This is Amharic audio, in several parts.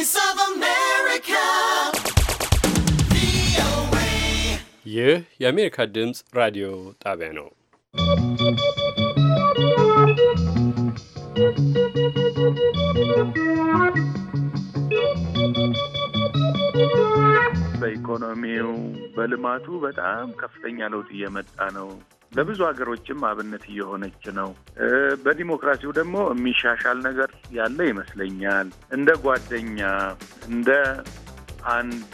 Voice of America. ይህ የአሜሪካ ድምፅ ራዲዮ ጣቢያ ነው። በኢኮኖሚው በልማቱ በጣም ከፍተኛ ለውጥ እየመጣ ነው። ለብዙ ሀገሮችም አብነት እየሆነች ነው። በዲሞክራሲው ደግሞ የሚሻሻል ነገር ያለ ይመስለኛል። እንደ ጓደኛ እንደ አንድ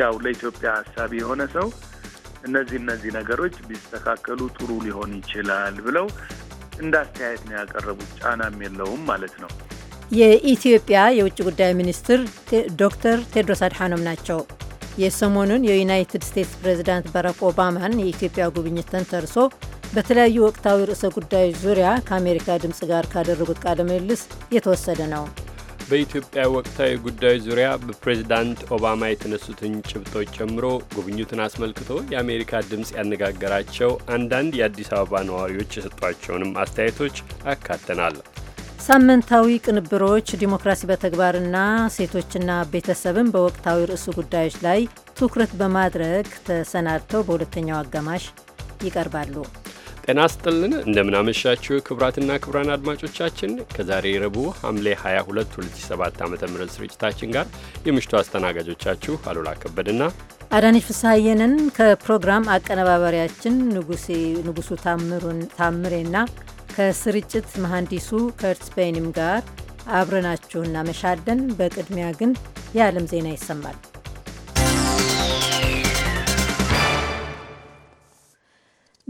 ያው ለኢትዮጵያ ሀሳቢ የሆነ ሰው እነዚህ እነዚህ ነገሮች ቢስተካከሉ ጥሩ ሊሆን ይችላል ብለው እንደ አስተያየት ነው ያቀረቡት። ጫናም የለውም ማለት ነው። የኢትዮጵያ የውጭ ጉዳይ ሚኒስትር ዶክተር ቴድሮስ አድሓኖም ናቸው። የሰሞኑን የዩናይትድ ስቴትስ ፕሬዚዳንት ባራክ ኦባማን የኢትዮጵያ ጉብኝት ተንተርሶ በተለያዩ ወቅታዊ ርዕሰ ጉዳዮች ዙሪያ ከአሜሪካ ድምፅ ጋር ካደረጉት ቃለ ምልልስ የተወሰደ ነው። በኢትዮጵያ ወቅታዊ ጉዳዮች ዙሪያ በፕሬዚዳንት ኦባማ የተነሱትን ጭብጦች ጨምሮ ጉብኝቱን አስመልክቶ የአሜሪካ ድምፅ ያነጋገራቸው አንዳንድ የአዲስ አበባ ነዋሪዎች የሰጧቸውንም አስተያየቶች አካተናል። ሳምንታዊ ቅንብሮች ዲሞክራሲ በተግባርና ሴቶችና ቤተሰብን በወቅታዊ ርዕሱ ጉዳዮች ላይ ትኩረት በማድረግ ተሰናድተው በሁለተኛው አጋማሽ ይቀርባሉ። ጤና ስጥልን እንደምናመሻችው ክቡራትና ክቡራን አድማጮቻችን ከዛሬ ረቡዕ ሐምሌ 22 2007 ዓ ም ስርጭታችን ጋር የምሽቱ አስተናጋጆቻችሁ አሉላ ከበድና አዳነች ፍስሐየንን ከፕሮግራም አቀነባባሪያችን ንጉሱ ታምሬና ከስርጭት መሐንዲሱ ከርትስ ቤይንም ጋር አብረናችሁ እናመሻለን። በቅድሚያ ግን የዓለም ዜና ይሰማል።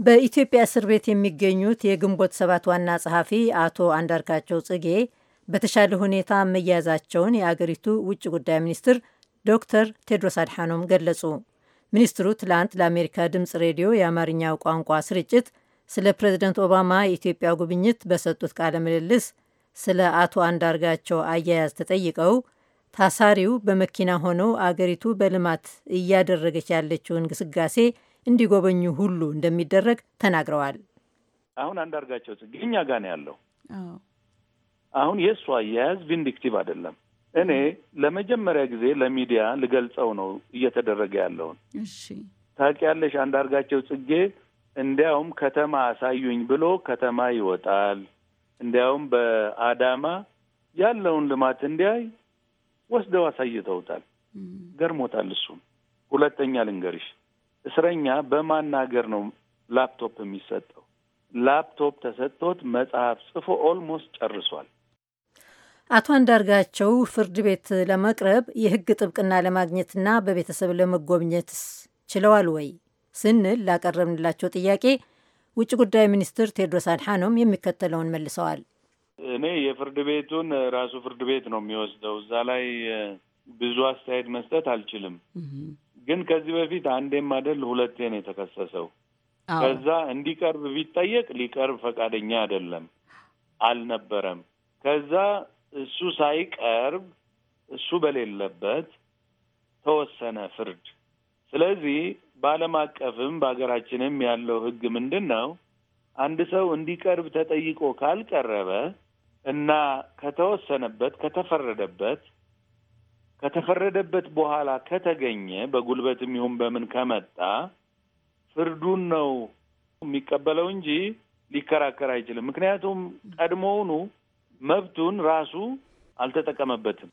በኢትዮጵያ እስር ቤት የሚገኙት የግንቦት ሰባት ዋና ጸሐፊ አቶ አንዳርጋቸው ጽጌ በተሻለ ሁኔታ መያዛቸውን የአገሪቱ ውጭ ጉዳይ ሚኒስትር ዶክተር ቴድሮስ አድሓኖም ገለጹ። ሚኒስትሩ ትላንት ለአሜሪካ ድምፅ ሬዲዮ የአማርኛው ቋንቋ ስርጭት ስለ ፕሬዝደንት ኦባማ የኢትዮጵያ ጉብኝት በሰጡት ቃለ ምልልስ ስለ አቶ አንዳርጋቸው አያያዝ ተጠይቀው ታሳሪው በመኪና ሆነው አገሪቱ በልማት እያደረገች ያለችውን ግስጋሴ እንዲጎበኙ ሁሉ እንደሚደረግ ተናግረዋል። አሁን አንዳርጋቸው ጽጌ እኛ ጋ ነው ያለው። አሁን የእሱ አያያዝ ቪንዲክቲቭ አይደለም። እኔ ለመጀመሪያ ጊዜ ለሚዲያ ልገልጸው ነው እየተደረገ ያለውን ታውቂያለሽ። አንዳርጋቸው ጽጌ እንዲያውም ከተማ አሳዩኝ ብሎ ከተማ ይወጣል። እንዲያውም በአዳማ ያለውን ልማት እንዲያይ ወስደው አሳይተውታል። ገርሞታል። እሱም ሁለተኛ ልንገርሽ፣ እስረኛ በማን ነው ላፕቶፕ የሚሰጠው? ላፕቶፕ ተሰጥቶት መጽሐፍ ጽፎ ኦልሞስት ጨርሷል። አቶ አንዳርጋቸው ፍርድ ቤት ለመቅረብ የህግ ጥብቅና ለማግኘትና በቤተሰብ ለመጎብኘት ችለዋል ወይ? ስንል ላቀረብንላቸው ጥያቄ ውጭ ጉዳይ ሚኒስትር ቴድሮስ አድሓኖም የሚከተለውን መልሰዋል። እኔ የፍርድ ቤቱን ራሱ ፍርድ ቤት ነው የሚወስደው። እዛ ላይ ብዙ አስተያየት መስጠት አልችልም። ግን ከዚህ በፊት አንዴም አይደል ሁለቴ ነው የተከሰሰው። ከዛ እንዲቀርብ ቢጠየቅ ሊቀርብ ፈቃደኛ አይደለም፣ አልነበረም። ከዛ እሱ ሳይቀርብ እሱ በሌለበት ተወሰነ ፍርድ። ስለዚህ በዓለም አቀፍም በሀገራችንም ያለው ህግ ምንድን ነው? አንድ ሰው እንዲቀርብ ተጠይቆ ካልቀረበ እና ከተወሰነበት ከተፈረደበት ከተፈረደበት በኋላ ከተገኘ በጉልበትም ይሁን በምን ከመጣ ፍርዱን ነው የሚቀበለው እንጂ ሊከራከር አይችልም። ምክንያቱም ቀድሞውኑ መብቱን ራሱ አልተጠቀመበትም።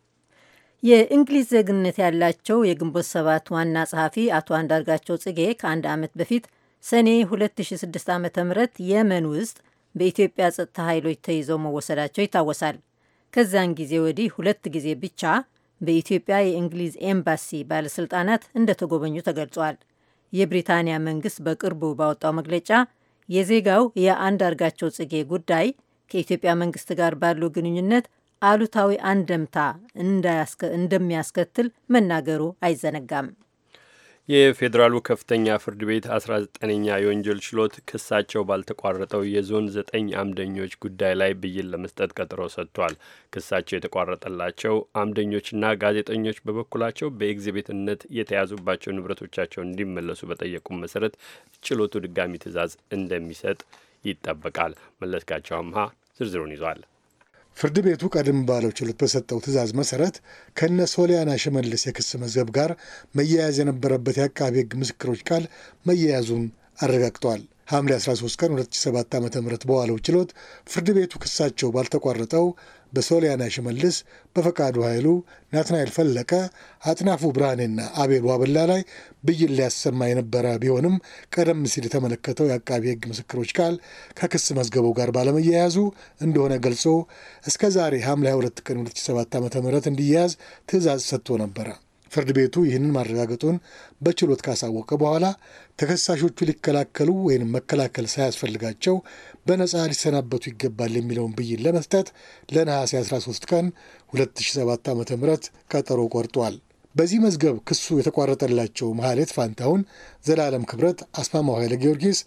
የእንግሊዝ ዜግነት ያላቸው የግንቦት ሰባት ዋና ጸሐፊ አቶ አንዳርጋቸው ጽጌ ከአንድ ዓመት በፊት ሰኔ 2006 ዓ ም የመን ውስጥ በኢትዮጵያ ጸጥታ ኃይሎች ተይዘው መወሰዳቸው ይታወሳል። ከዚያን ጊዜ ወዲህ ሁለት ጊዜ ብቻ በኢትዮጵያ የእንግሊዝ ኤምባሲ ባለሥልጣናት እንደተጎበኙ ተገልጿል። የብሪታንያ መንግሥት በቅርቡ ባወጣው መግለጫ የዜጋው የአንዳርጋቸው ጽጌ ጉዳይ ከኢትዮጵያ መንግሥት ጋር ባለው ግንኙነት አሉታዊ አንደምታ እንደሚያስከትል መናገሩ አይዘነጋም። የፌዴራሉ ከፍተኛ ፍርድ ቤት 19ኛ የወንጀል ችሎት ክሳቸው ባልተቋረጠው የዞን ዘጠኝ አምደኞች ጉዳይ ላይ ብይን ለመስጠት ቀጠሮ ሰጥቷል። ክሳቸው የተቋረጠላቸው አምደኞችና ጋዜጠኞች በበኩላቸው በኤግዚቢትነት የተያዙባቸው ንብረቶቻቸውን እንዲመለሱ በጠየቁም መሰረት ችሎቱ ድጋሚ ትዕዛዝ እንደሚሰጥ ይጠበቃል። መለስካቸው አምሃ ዝርዝሩን ይዟል። ፍርድ ቤቱ ቀደም ባለው ችሎት በሰጠው ትዕዛዝ መሰረት ከነ ሶሊያና ሽመልስ የክስ መዝገብ ጋር መያያዝ የነበረበት የአቃቢ ሕግ ምስክሮች ቃል መያያዙን አረጋግጧል። ሐምሌ 13 ቀን 2007 ዓ ም በዋለው ችሎት ፍርድ ቤቱ ክሳቸው ባልተቋረጠው በሶሊያና ሽመልስ፣ በፈቃዱ ኃይሉ፣ ናትናኤል ፈለቀ፣ አጥናፉ ብርሃኔና አቤል ዋበላ ላይ ብይን ሊያሰማ የነበረ ቢሆንም ቀደም ሲል የተመለከተው የአቃቢ ሕግ ምስክሮች ቃል ከክስ መዝገቡ ጋር ባለመያያዙ እንደሆነ ገልጾ እስከ ዛሬ ሐምሌ 22 ቀን 2007 ዓ ም እንዲያያዝ ትእዛዝ ሰጥቶ ነበረ። ፍርድ ቤቱ ይህንን ማረጋገጡን በችሎት ካሳወቀ በኋላ ተከሳሾቹ ሊከላከሉ ወይም መከላከል ሳያስፈልጋቸው በነፃ ሊሰናበቱ ይገባል የሚለውን ብይን ለመስጠት ለነሐሴ 13 ቀን 2007 ዓ.ም ቀጠሮ ቆርጧል። በዚህ መዝገብ ክሱ የተቋረጠላቸው መሐሌት ፋንታሁን፣ ዘላለም ክብረት፣ አስማማው ኃይለ ጊዮርጊስ፣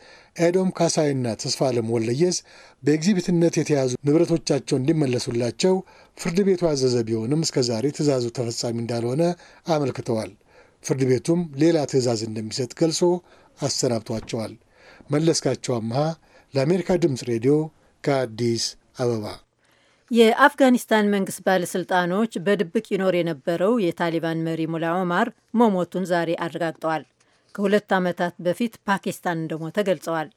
ኤዶም ካሳይና ተስፋለም ወለየስ በኤግዚቢትነት የተያዙ ንብረቶቻቸው እንዲመለሱላቸው ፍርድ ቤቱ ያዘዘ ቢሆንም እስከዛሬ ትዕዛዙ ተፈጻሚ እንዳልሆነ አመልክተዋል። ፍርድ ቤቱም ሌላ ትዕዛዝ እንደሚሰጥ ገልጾ አሰናብቷቸዋል። መለስካቸው አምሃ ለአሜሪካ ድምፅ ሬዲዮ ከአዲስ አበባ የአፍጋኒስታን መንግስት ባለስልጣኖች በድብቅ ይኖር የነበረው የታሊባን መሪ ሙላ ኦማር መሞቱን ዛሬ አረጋግጠዋል። ከሁለት ዓመታት በፊት ፓኪስታን እንደሞተ ገልጸዋል።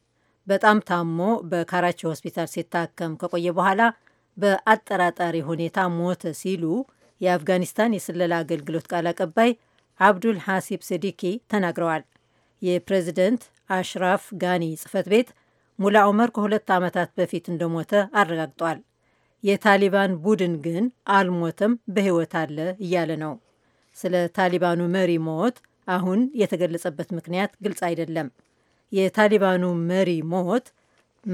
በጣም ታሞ በካራቺ ሆስፒታል ሲታከም ከቆየ በኋላ በአጠራጣሪ ሁኔታ ሞተ ሲሉ የአፍጋኒስታን የስለላ አገልግሎት ቃል አቀባይ አብዱል ሐሲብ ስዲኪ ተናግረዋል። የፕሬዚደንት አሽራፍ ጋኒ ጽህፈት ቤት ሙላ ኦመር ከሁለት ዓመታት በፊት እንደሞተ አረጋግጧል። የታሊባን ቡድን ግን አልሞተም፣ በሕይወት አለ እያለ ነው። ስለ ታሊባኑ መሪ ሞት አሁን የተገለጸበት ምክንያት ግልጽ አይደለም። የታሊባኑ መሪ ሞት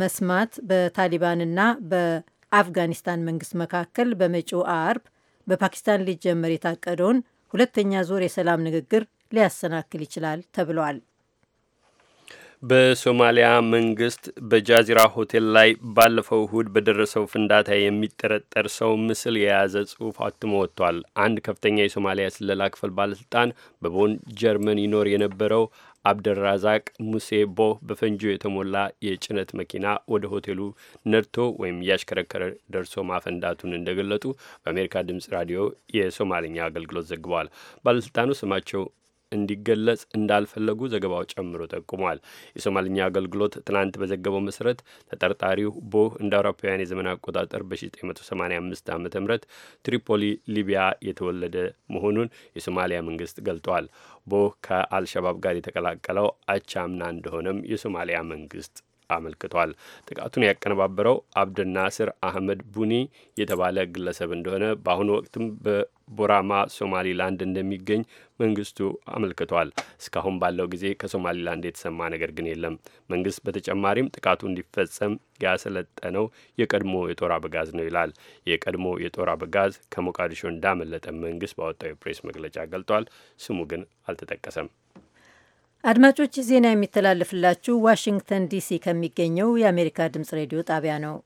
መስማት በታሊባንና በአፍጋኒስታን መንግስት መካከል በመጪው አርብ በፓኪስታን ሊጀመር የታቀደውን ሁለተኛ ዙር የሰላም ንግግር ሊያሰናክል ይችላል ተብሏል። በሶማሊያ መንግስት በጃዚራ ሆቴል ላይ ባለፈው እሁድ በደረሰው ፍንዳታ የሚጠረጠር ሰው ምስል የያዘ ጽሑፍ አትሞ ወጥቷል። አንድ ከፍተኛ የሶማሊያ ስለላ ክፍል ባለስልጣን በቦን ጀርመን ይኖር የነበረው አብደራዛቅ ሙሴ ቦ በፈንጂ የተሞላ የጭነት መኪና ወደ ሆቴሉ ነድቶ ወይም እያሽከረከረ ደርሶ ማፈንዳቱን እንደገለጡ በአሜሪካ ድምጽ ራዲዮ የሶማልኛ አገልግሎት ዘግበዋል። ባለስልጣኑ ስማቸው እንዲገለጽ እንዳልፈለጉ ዘገባው ጨምሮ ጠቁሟል። የሶማልኛ አገልግሎት ትናንት በዘገበው መሰረት ተጠርጣሪው ቦህ እንደ አውሮፓውያን የዘመን አቆጣጠር በ1985 ዓ ም ትሪፖሊ ሊቢያ የተወለደ መሆኑን የሶማሊያ መንግስት ገልጧል። ቦህ ከአልሸባብ ጋር የተቀላቀለው አቻምና እንደሆነም የሶማሊያ መንግስት አመልክቷል። ጥቃቱን ያቀነባበረው አብድናስር አህመድ ቡኒ የተባለ ግለሰብ እንደሆነ በአሁኑ ወቅትም በቦራማ ሶማሊላንድ እንደሚገኝ መንግስቱ አመልክቷል። እስካሁን ባለው ጊዜ ከሶማሊላንድ የተሰማ ነገር ግን የለም። መንግስት በተጨማሪም ጥቃቱ እንዲፈጸም ያሰለጠነው የቀድሞ የጦር አበጋዝ ነው ይላል። የቀድሞ የጦር አበጋዝ ከሞቃዲሾ እንዳመለጠ መንግስት ባወጣው የፕሬስ መግለጫ ገልጧል። ስሙ ግን አልተጠቀሰም። አድማጮች ዜና የሚተላለፍላችሁ ዋሽንግተን ዲሲ ከሚገኘው የአሜሪካ ድምጽ ሬዲዮ ጣቢያ ነው።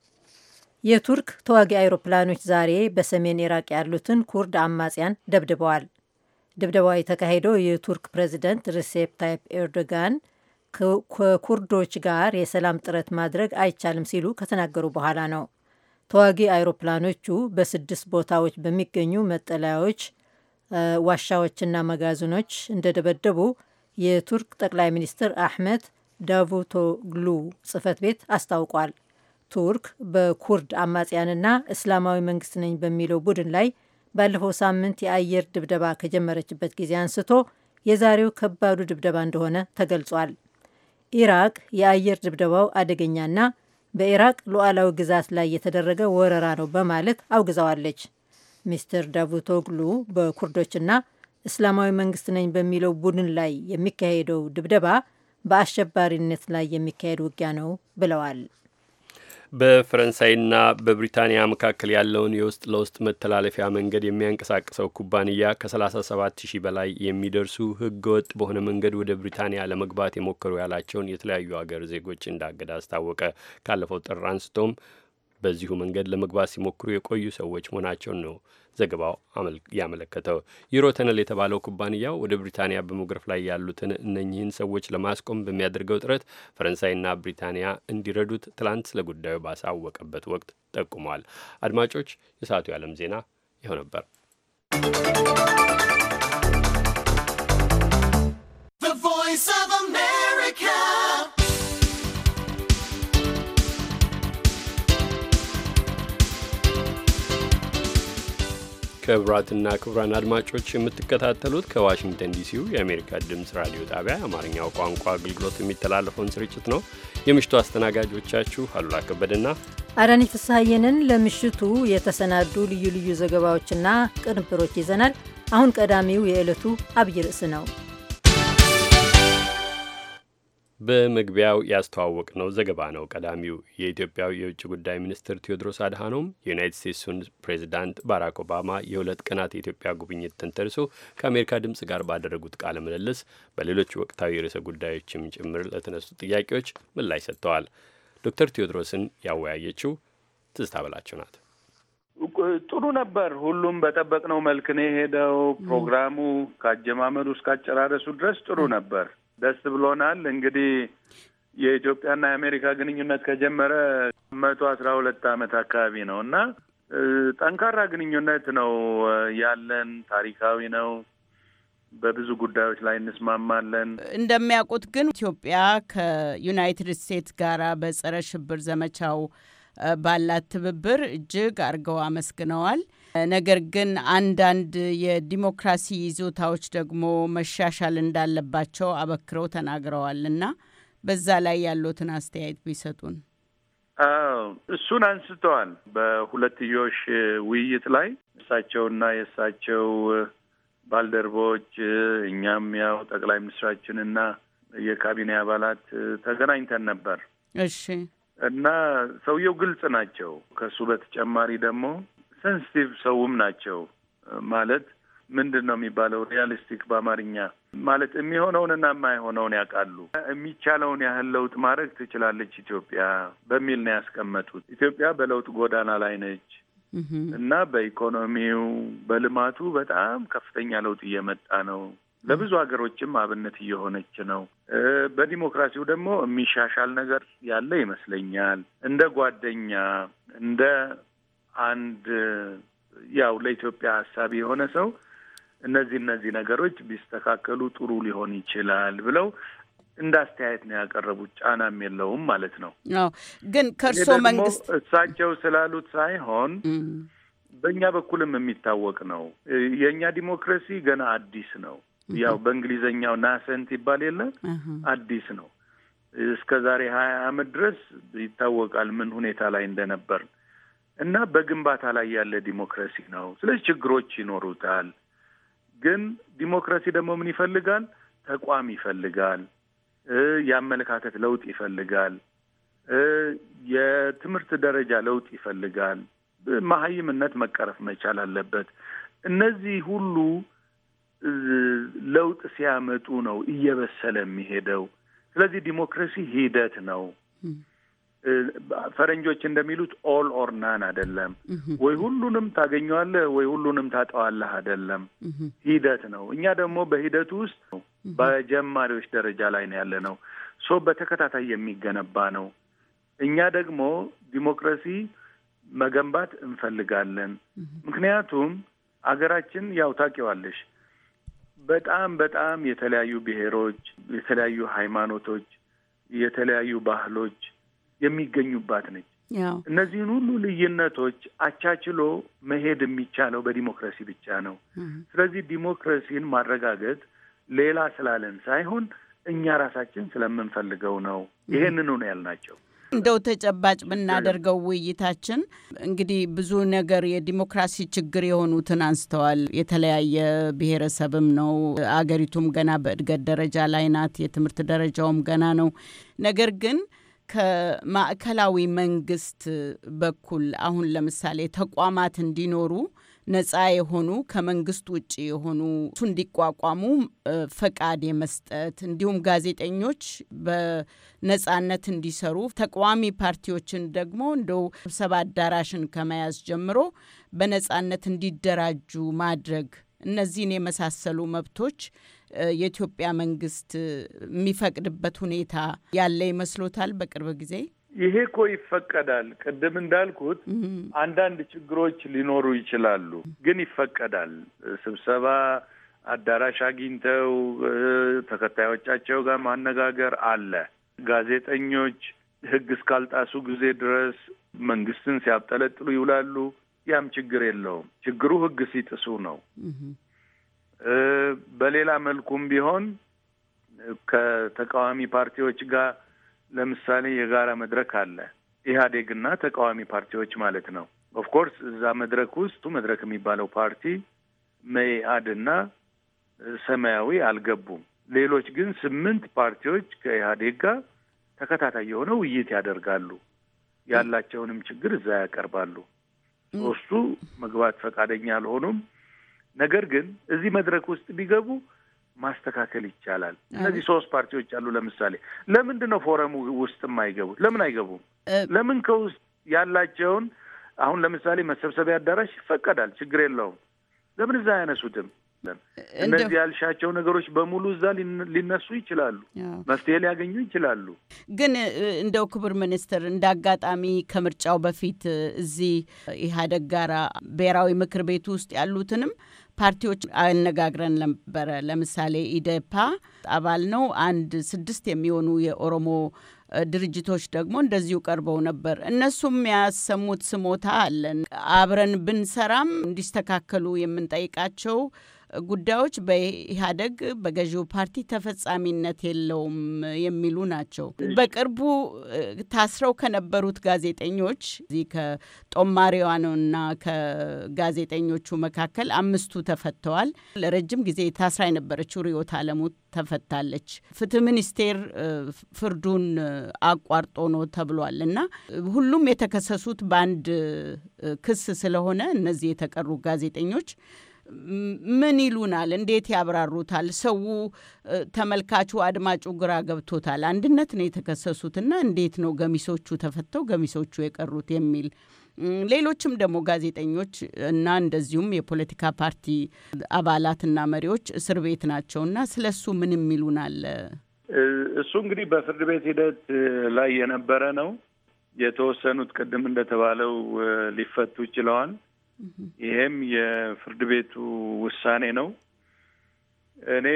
የቱርክ ተዋጊ አውሮፕላኖች ዛሬ በሰሜን ኢራቅ ያሉትን ኩርድ አማጽያን ደብድበዋል። ድብደባው የተካሄደው የቱርክ ፕሬዚደንት ሪሴፕ ታይፕ ኤርዶጋን ከኩርዶች ጋር የሰላም ጥረት ማድረግ አይቻልም ሲሉ ከተናገሩ በኋላ ነው። ተዋጊ አውሮፕላኖቹ በስድስት ቦታዎች በሚገኙ መጠለያዎች፣ ዋሻዎችና መጋዘኖች እንደደበደቡ የቱርክ ጠቅላይ ሚኒስትር አህመት ዳቮቶግሉ ጽህፈት ቤት አስታውቋል። ቱርክ በኩርድ አማጽያንና እስላማዊ መንግስት ነኝ በሚለው ቡድን ላይ ባለፈው ሳምንት የአየር ድብደባ ከጀመረችበት ጊዜ አንስቶ የዛሬው ከባዱ ድብደባ እንደሆነ ተገልጿል። ኢራቅ የአየር ድብደባው አደገኛና በኢራቅ ሉዓላዊ ግዛት ላይ የተደረገ ወረራ ነው በማለት አውግዛዋለች። ሚስተር ዳቩቶግሉ በኩርዶችና እስላማዊ መንግስት ነኝ በሚለው ቡድን ላይ የሚካሄደው ድብደባ በአሸባሪነት ላይ የሚካሄድ ውጊያ ነው ብለዋል። በፈረንሳይና በብሪታንያ መካከል ያለውን የውስጥ ለውስጥ መተላለፊያ መንገድ የሚያንቀሳቅሰው ኩባንያ ከ37 ሺህ በላይ የሚደርሱ ህገወጥ በሆነ መንገድ ወደ ብሪታንያ ለመግባት የሞከሩ ያላቸውን የተለያዩ አገር ዜጎች እንዳገደ አስታወቀ። ካለፈው ጥር አንስቶም በዚሁ መንገድ ለመግባት ሲሞክሩ የቆዩ ሰዎች መሆናቸውን ነው ዘገባው ያመለከተው። ዩሮ ተነል የተባለው ኩባንያው ወደ ብሪታንያ በመጉረፍ ላይ ያሉትን እነኚህን ሰዎች ለማስቆም በሚያደርገው ጥረት ፈረንሳይና ብሪታንያ እንዲረዱት ትላንት ስለ ጉዳዩ ባሳወቀበት ወቅት ጠቁመዋል። አድማጮች፣ የሰዓቱ የዓለም ዜና ይኸው ነበር። ክቡራትና ክቡራን አድማጮች የምትከታተሉት ከዋሽንግተን ዲሲው የአሜሪካ ድምፅ ራዲዮ ጣቢያ የአማርኛው ቋንቋ አገልግሎት የሚተላለፈውን ስርጭት ነው። የምሽቱ አስተናጋጆቻችሁ አሉላ ከበድና አዳነች ፍስሐየንን ለምሽቱ የተሰናዱ ልዩ ልዩ ዘገባዎችና ቅንብሮች ይዘናል። አሁን ቀዳሚው የዕለቱ አብይ ርዕስ ነው። በመግቢያው ያስተዋወቅ ነው ዘገባ ነው። ቀዳሚው የኢትዮጵያው የውጭ ጉዳይ ሚኒስትር ቴዎድሮስ አድሃኖም የዩናይትድ ስቴትሱን ፕሬዚዳንት ባራክ ኦባማ የሁለት ቀናት የኢትዮጵያ ጉብኝት ተንተርሶ ከአሜሪካ ድምፅ ጋር ባደረጉት ቃለ ምልልስ በሌሎች ወቅታዊ የርዕሰ ጉዳዮችም ጭምር ለተነሱ ጥያቄዎች ምላሽ ሰጥተዋል። ዶክተር ቴዎድሮስን ያወያየችው ትዝታ በላቸው ናት። ጥሩ ነበር። ሁሉም በጠበቅነው መልክ ነው የሄደው። ፕሮግራሙ ከአጀማመዱ እስከ አጨራረሱ ድረስ ጥሩ ነበር። ደስ ብሎናል። እንግዲህ የኢትዮጵያና የአሜሪካ ግንኙነት ከጀመረ መቶ አስራ ሁለት አመት አካባቢ ነው እና ጠንካራ ግንኙነት ነው ያለን። ታሪካዊ ነው። በብዙ ጉዳዮች ላይ እንስማማለን። እንደሚያውቁት ግን ኢትዮጵያ ከዩናይትድ ስቴትስ ጋራ በጸረ ሽብር ዘመቻው ባላት ትብብር እጅግ አድርገው አመስግነዋል። ነገር ግን አንዳንድ የዲሞክራሲ ይዞታዎች ደግሞ መሻሻል እንዳለባቸው አበክረው ተናግረዋል እና በዛ ላይ ያሉትን አስተያየት ቢሰጡን። እሱን አንስተዋል በሁለትዮሽ ውይይት ላይ እሳቸውና የእሳቸው ባልደረቦች እኛም ያው ጠቅላይ ሚኒስትራችንና የካቢኔ አባላት ተገናኝተን ነበር። እሺ። እና ሰውየው ግልጽ ናቸው። ከእሱ በተጨማሪ ደግሞ ሴንስቲቭ ሰውም ናቸው። ማለት ምንድን ነው የሚባለው ሪያሊስቲክ በአማርኛ ማለት የሚሆነውንና የማይሆነውን ያውቃሉ። የሚቻለውን ያህል ለውጥ ማድረግ ትችላለች ኢትዮጵያ በሚል ነው ያስቀመጡት። ኢትዮጵያ በለውጥ ጎዳና ላይ ነች እና በኢኮኖሚው በልማቱ በጣም ከፍተኛ ለውጥ እየመጣ ነው። ለብዙ ሀገሮችም አብነት እየሆነች ነው። በዲሞክራሲው ደግሞ የሚሻሻል ነገር ያለ ይመስለኛል። እንደ ጓደኛ እንደ አንድ ያው ለኢትዮጵያ ሀሳቢ የሆነ ሰው እነዚህ እነዚህ ነገሮች ቢስተካከሉ ጥሩ ሊሆን ይችላል ብለው እንደ አስተያየት ነው ያቀረቡት። ጫናም የለውም ማለት ነው። ግን ከእርሶ መንግስት እሳቸው ስላሉት ሳይሆን በእኛ በኩልም የሚታወቅ ነው። የእኛ ዲሞክራሲ ገና አዲስ ነው። ያው በእንግሊዘኛው ናሰንት ይባል የለ አዲስ ነው። እስከ ዛሬ ሀያ አመት ድረስ ይታወቃል ምን ሁኔታ ላይ እንደነበር እና በግንባታ ላይ ያለ ዲሞክራሲ ነው። ስለዚህ ችግሮች ይኖሩታል። ግን ዲሞክራሲ ደግሞ ምን ይፈልጋል? ተቋም ይፈልጋል። የአመለካከት ለውጥ ይፈልጋል። የትምህርት ደረጃ ለውጥ ይፈልጋል። መሀይምነት መቀረፍ መቻል አለበት። እነዚህ ሁሉ ለውጥ ሲያመጡ ነው እየበሰለ የሚሄደው። ስለዚህ ዲሞክራሲ ሂደት ነው። ፈረንጆች እንደሚሉት ኦል ኦር ናን አይደለም። ወይ ሁሉንም ታገኘዋለህ ወይ ሁሉንም ታጠዋለህ አይደለም። ሂደት ነው። እኛ ደግሞ በሂደቱ ውስጥ በጀማሪዎች ደረጃ ላይ ነው ያለ ነው። ሶ በተከታታይ የሚገነባ ነው። እኛ ደግሞ ዲሞክራሲ መገንባት እንፈልጋለን። ምክንያቱም አገራችን ያው ታውቂዋለሽ፣ በጣም በጣም የተለያዩ ብሔሮች፣ የተለያዩ ሃይማኖቶች፣ የተለያዩ ባህሎች የሚገኙባት ነች። እነዚህን ሁሉ ልዩነቶች አቻችሎ መሄድ የሚቻለው በዲሞክራሲ ብቻ ነው። ስለዚህ ዲሞክራሲን ማረጋገጥ ሌላ ስላለን ሳይሆን እኛ ራሳችን ስለምንፈልገው ነው። ይሄንኑ ነው ያልናቸው። እንደው ተጨባጭ ብናደርገው ውይይታችን እንግዲህ ብዙ ነገር የዲሞክራሲ ችግር የሆኑትን አንስተዋል። የተለያየ ብሔረሰብም ነው። አገሪቱም ገና በእድገት ደረጃ ላይ ናት። የትምህርት ደረጃውም ገና ነው። ነገር ግን ከማዕከላዊ መንግስት በኩል አሁን ለምሳሌ ተቋማት እንዲኖሩ ነጻ የሆኑ ከመንግስት ውጭ የሆኑ እንዲቋቋሙ ፈቃድ የመስጠት እንዲሁም ጋዜጠኞች በነጻነት እንዲሰሩ ተቃዋሚ ፓርቲዎችን ደግሞ እንደው ስብሰባ አዳራሽን ከመያዝ ጀምሮ በነጻነት እንዲደራጁ ማድረግ እነዚህን የመሳሰሉ መብቶች የኢትዮጵያ መንግስት የሚፈቅድበት ሁኔታ ያለ ይመስሎታል? በቅርብ ጊዜ ይሄ እኮ ይፈቀዳል። ቅድም እንዳልኩት አንዳንድ ችግሮች ሊኖሩ ይችላሉ፣ ግን ይፈቀዳል። ስብሰባ አዳራሽ አግኝተው ተከታዮቻቸው ጋር ማነጋገር አለ። ጋዜጠኞች ህግ እስካልጣሱ ጊዜ ድረስ መንግስትን ሲያብጠለጥሉ ይውላሉ። ያም ችግር የለውም። ችግሩ ህግ ሲጥሱ ነው። በሌላ መልኩም ቢሆን ከተቃዋሚ ፓርቲዎች ጋር ለምሳሌ የጋራ መድረክ አለ። ኢህአዴግና ተቃዋሚ ፓርቲዎች ማለት ነው። ኦፍኮርስ እዛ መድረክ ውስጡ መድረክ የሚባለው ፓርቲ መኢአድና ሰማያዊ አልገቡም። ሌሎች ግን ስምንት ፓርቲዎች ከኢህአዴግ ጋር ተከታታይ የሆነ ውይይት ያደርጋሉ። ያላቸውንም ችግር እዛ ያቀርባሉ። ሶስቱ መግባት ፈቃደኛ አልሆኑም። ነገር ግን እዚህ መድረክ ውስጥ ቢገቡ ማስተካከል ይቻላል። እነዚህ ሶስት ፓርቲዎች አሉ። ለምሳሌ ለምንድን ነው ፎረሙ ውስጥ የማይገቡት? ለምን አይገቡም? ለምን ከውስጥ ያላቸውን አሁን ለምሳሌ መሰብሰቢያ አዳራሽ ይፈቀዳል፣ ችግር የለውም። ለምን እዛ አያነሱትም? እነዚህ ያልሻቸው ነገሮች በሙሉ እዛ ሊነሱ ይችላሉ፣ መፍትሄ ሊያገኙ ይችላሉ። ግን እንደው ክቡር ሚኒስትር እንደ አጋጣሚ ከምርጫው በፊት እዚህ ኢህአዴግ ጋራ ብሔራዊ ምክር ቤት ውስጥ ያሉትንም ፓርቲዎች አነጋግረን ነበረ። ለምሳሌ ኢዴፓ አባል ነው። አንድ ስድስት የሚሆኑ የኦሮሞ ድርጅቶች ደግሞ እንደዚሁ ቀርበው ነበር። እነሱም ያሰሙት ስሞታ አለን። አብረን ብንሰራም እንዲስተካከሉ የምንጠይቃቸው ጉዳዮች በኢህአደግ በገዢው ፓርቲ ተፈጻሚነት የለውም የሚሉ ናቸው። በቅርቡ ታስረው ከነበሩት ጋዜጠኞች እዚህ ከጦማሪዋንና ከጋዜጠኞቹ መካከል አምስቱ ተፈተዋል። ለረጅም ጊዜ ታስራ የነበረችው ርዕዮት አለሙ ተፈታለች። ፍትህ ሚኒስቴር ፍርዱን አቋርጦ ነው ተብሏል እና ሁሉም የተከሰሱት በአንድ ክስ ስለሆነ እነዚህ የተቀሩ ጋዜጠኞች ምን ይሉናል? እንዴት ያብራሩታል? ሰው ተመልካቹ፣ አድማጩ ግራ ገብቶታል። አንድነት ነው የተከሰሱትና እንዴት ነው ገሚሶቹ ተፈተው ገሚሶቹ የቀሩት የሚል ሌሎችም ደግሞ ጋዜጠኞች እና እንደዚሁም የፖለቲካ ፓርቲ አባላትና መሪዎች እስር ቤት ናቸውና ስለሱ ምን ይሉናል? እሱ እንግዲህ በፍርድ ቤት ሂደት ላይ የነበረ ነው። የተወሰኑት ቅድም እንደተባለው ሊፈቱ ይችለዋል። ይሄም የፍርድ ቤቱ ውሳኔ ነው። እኔ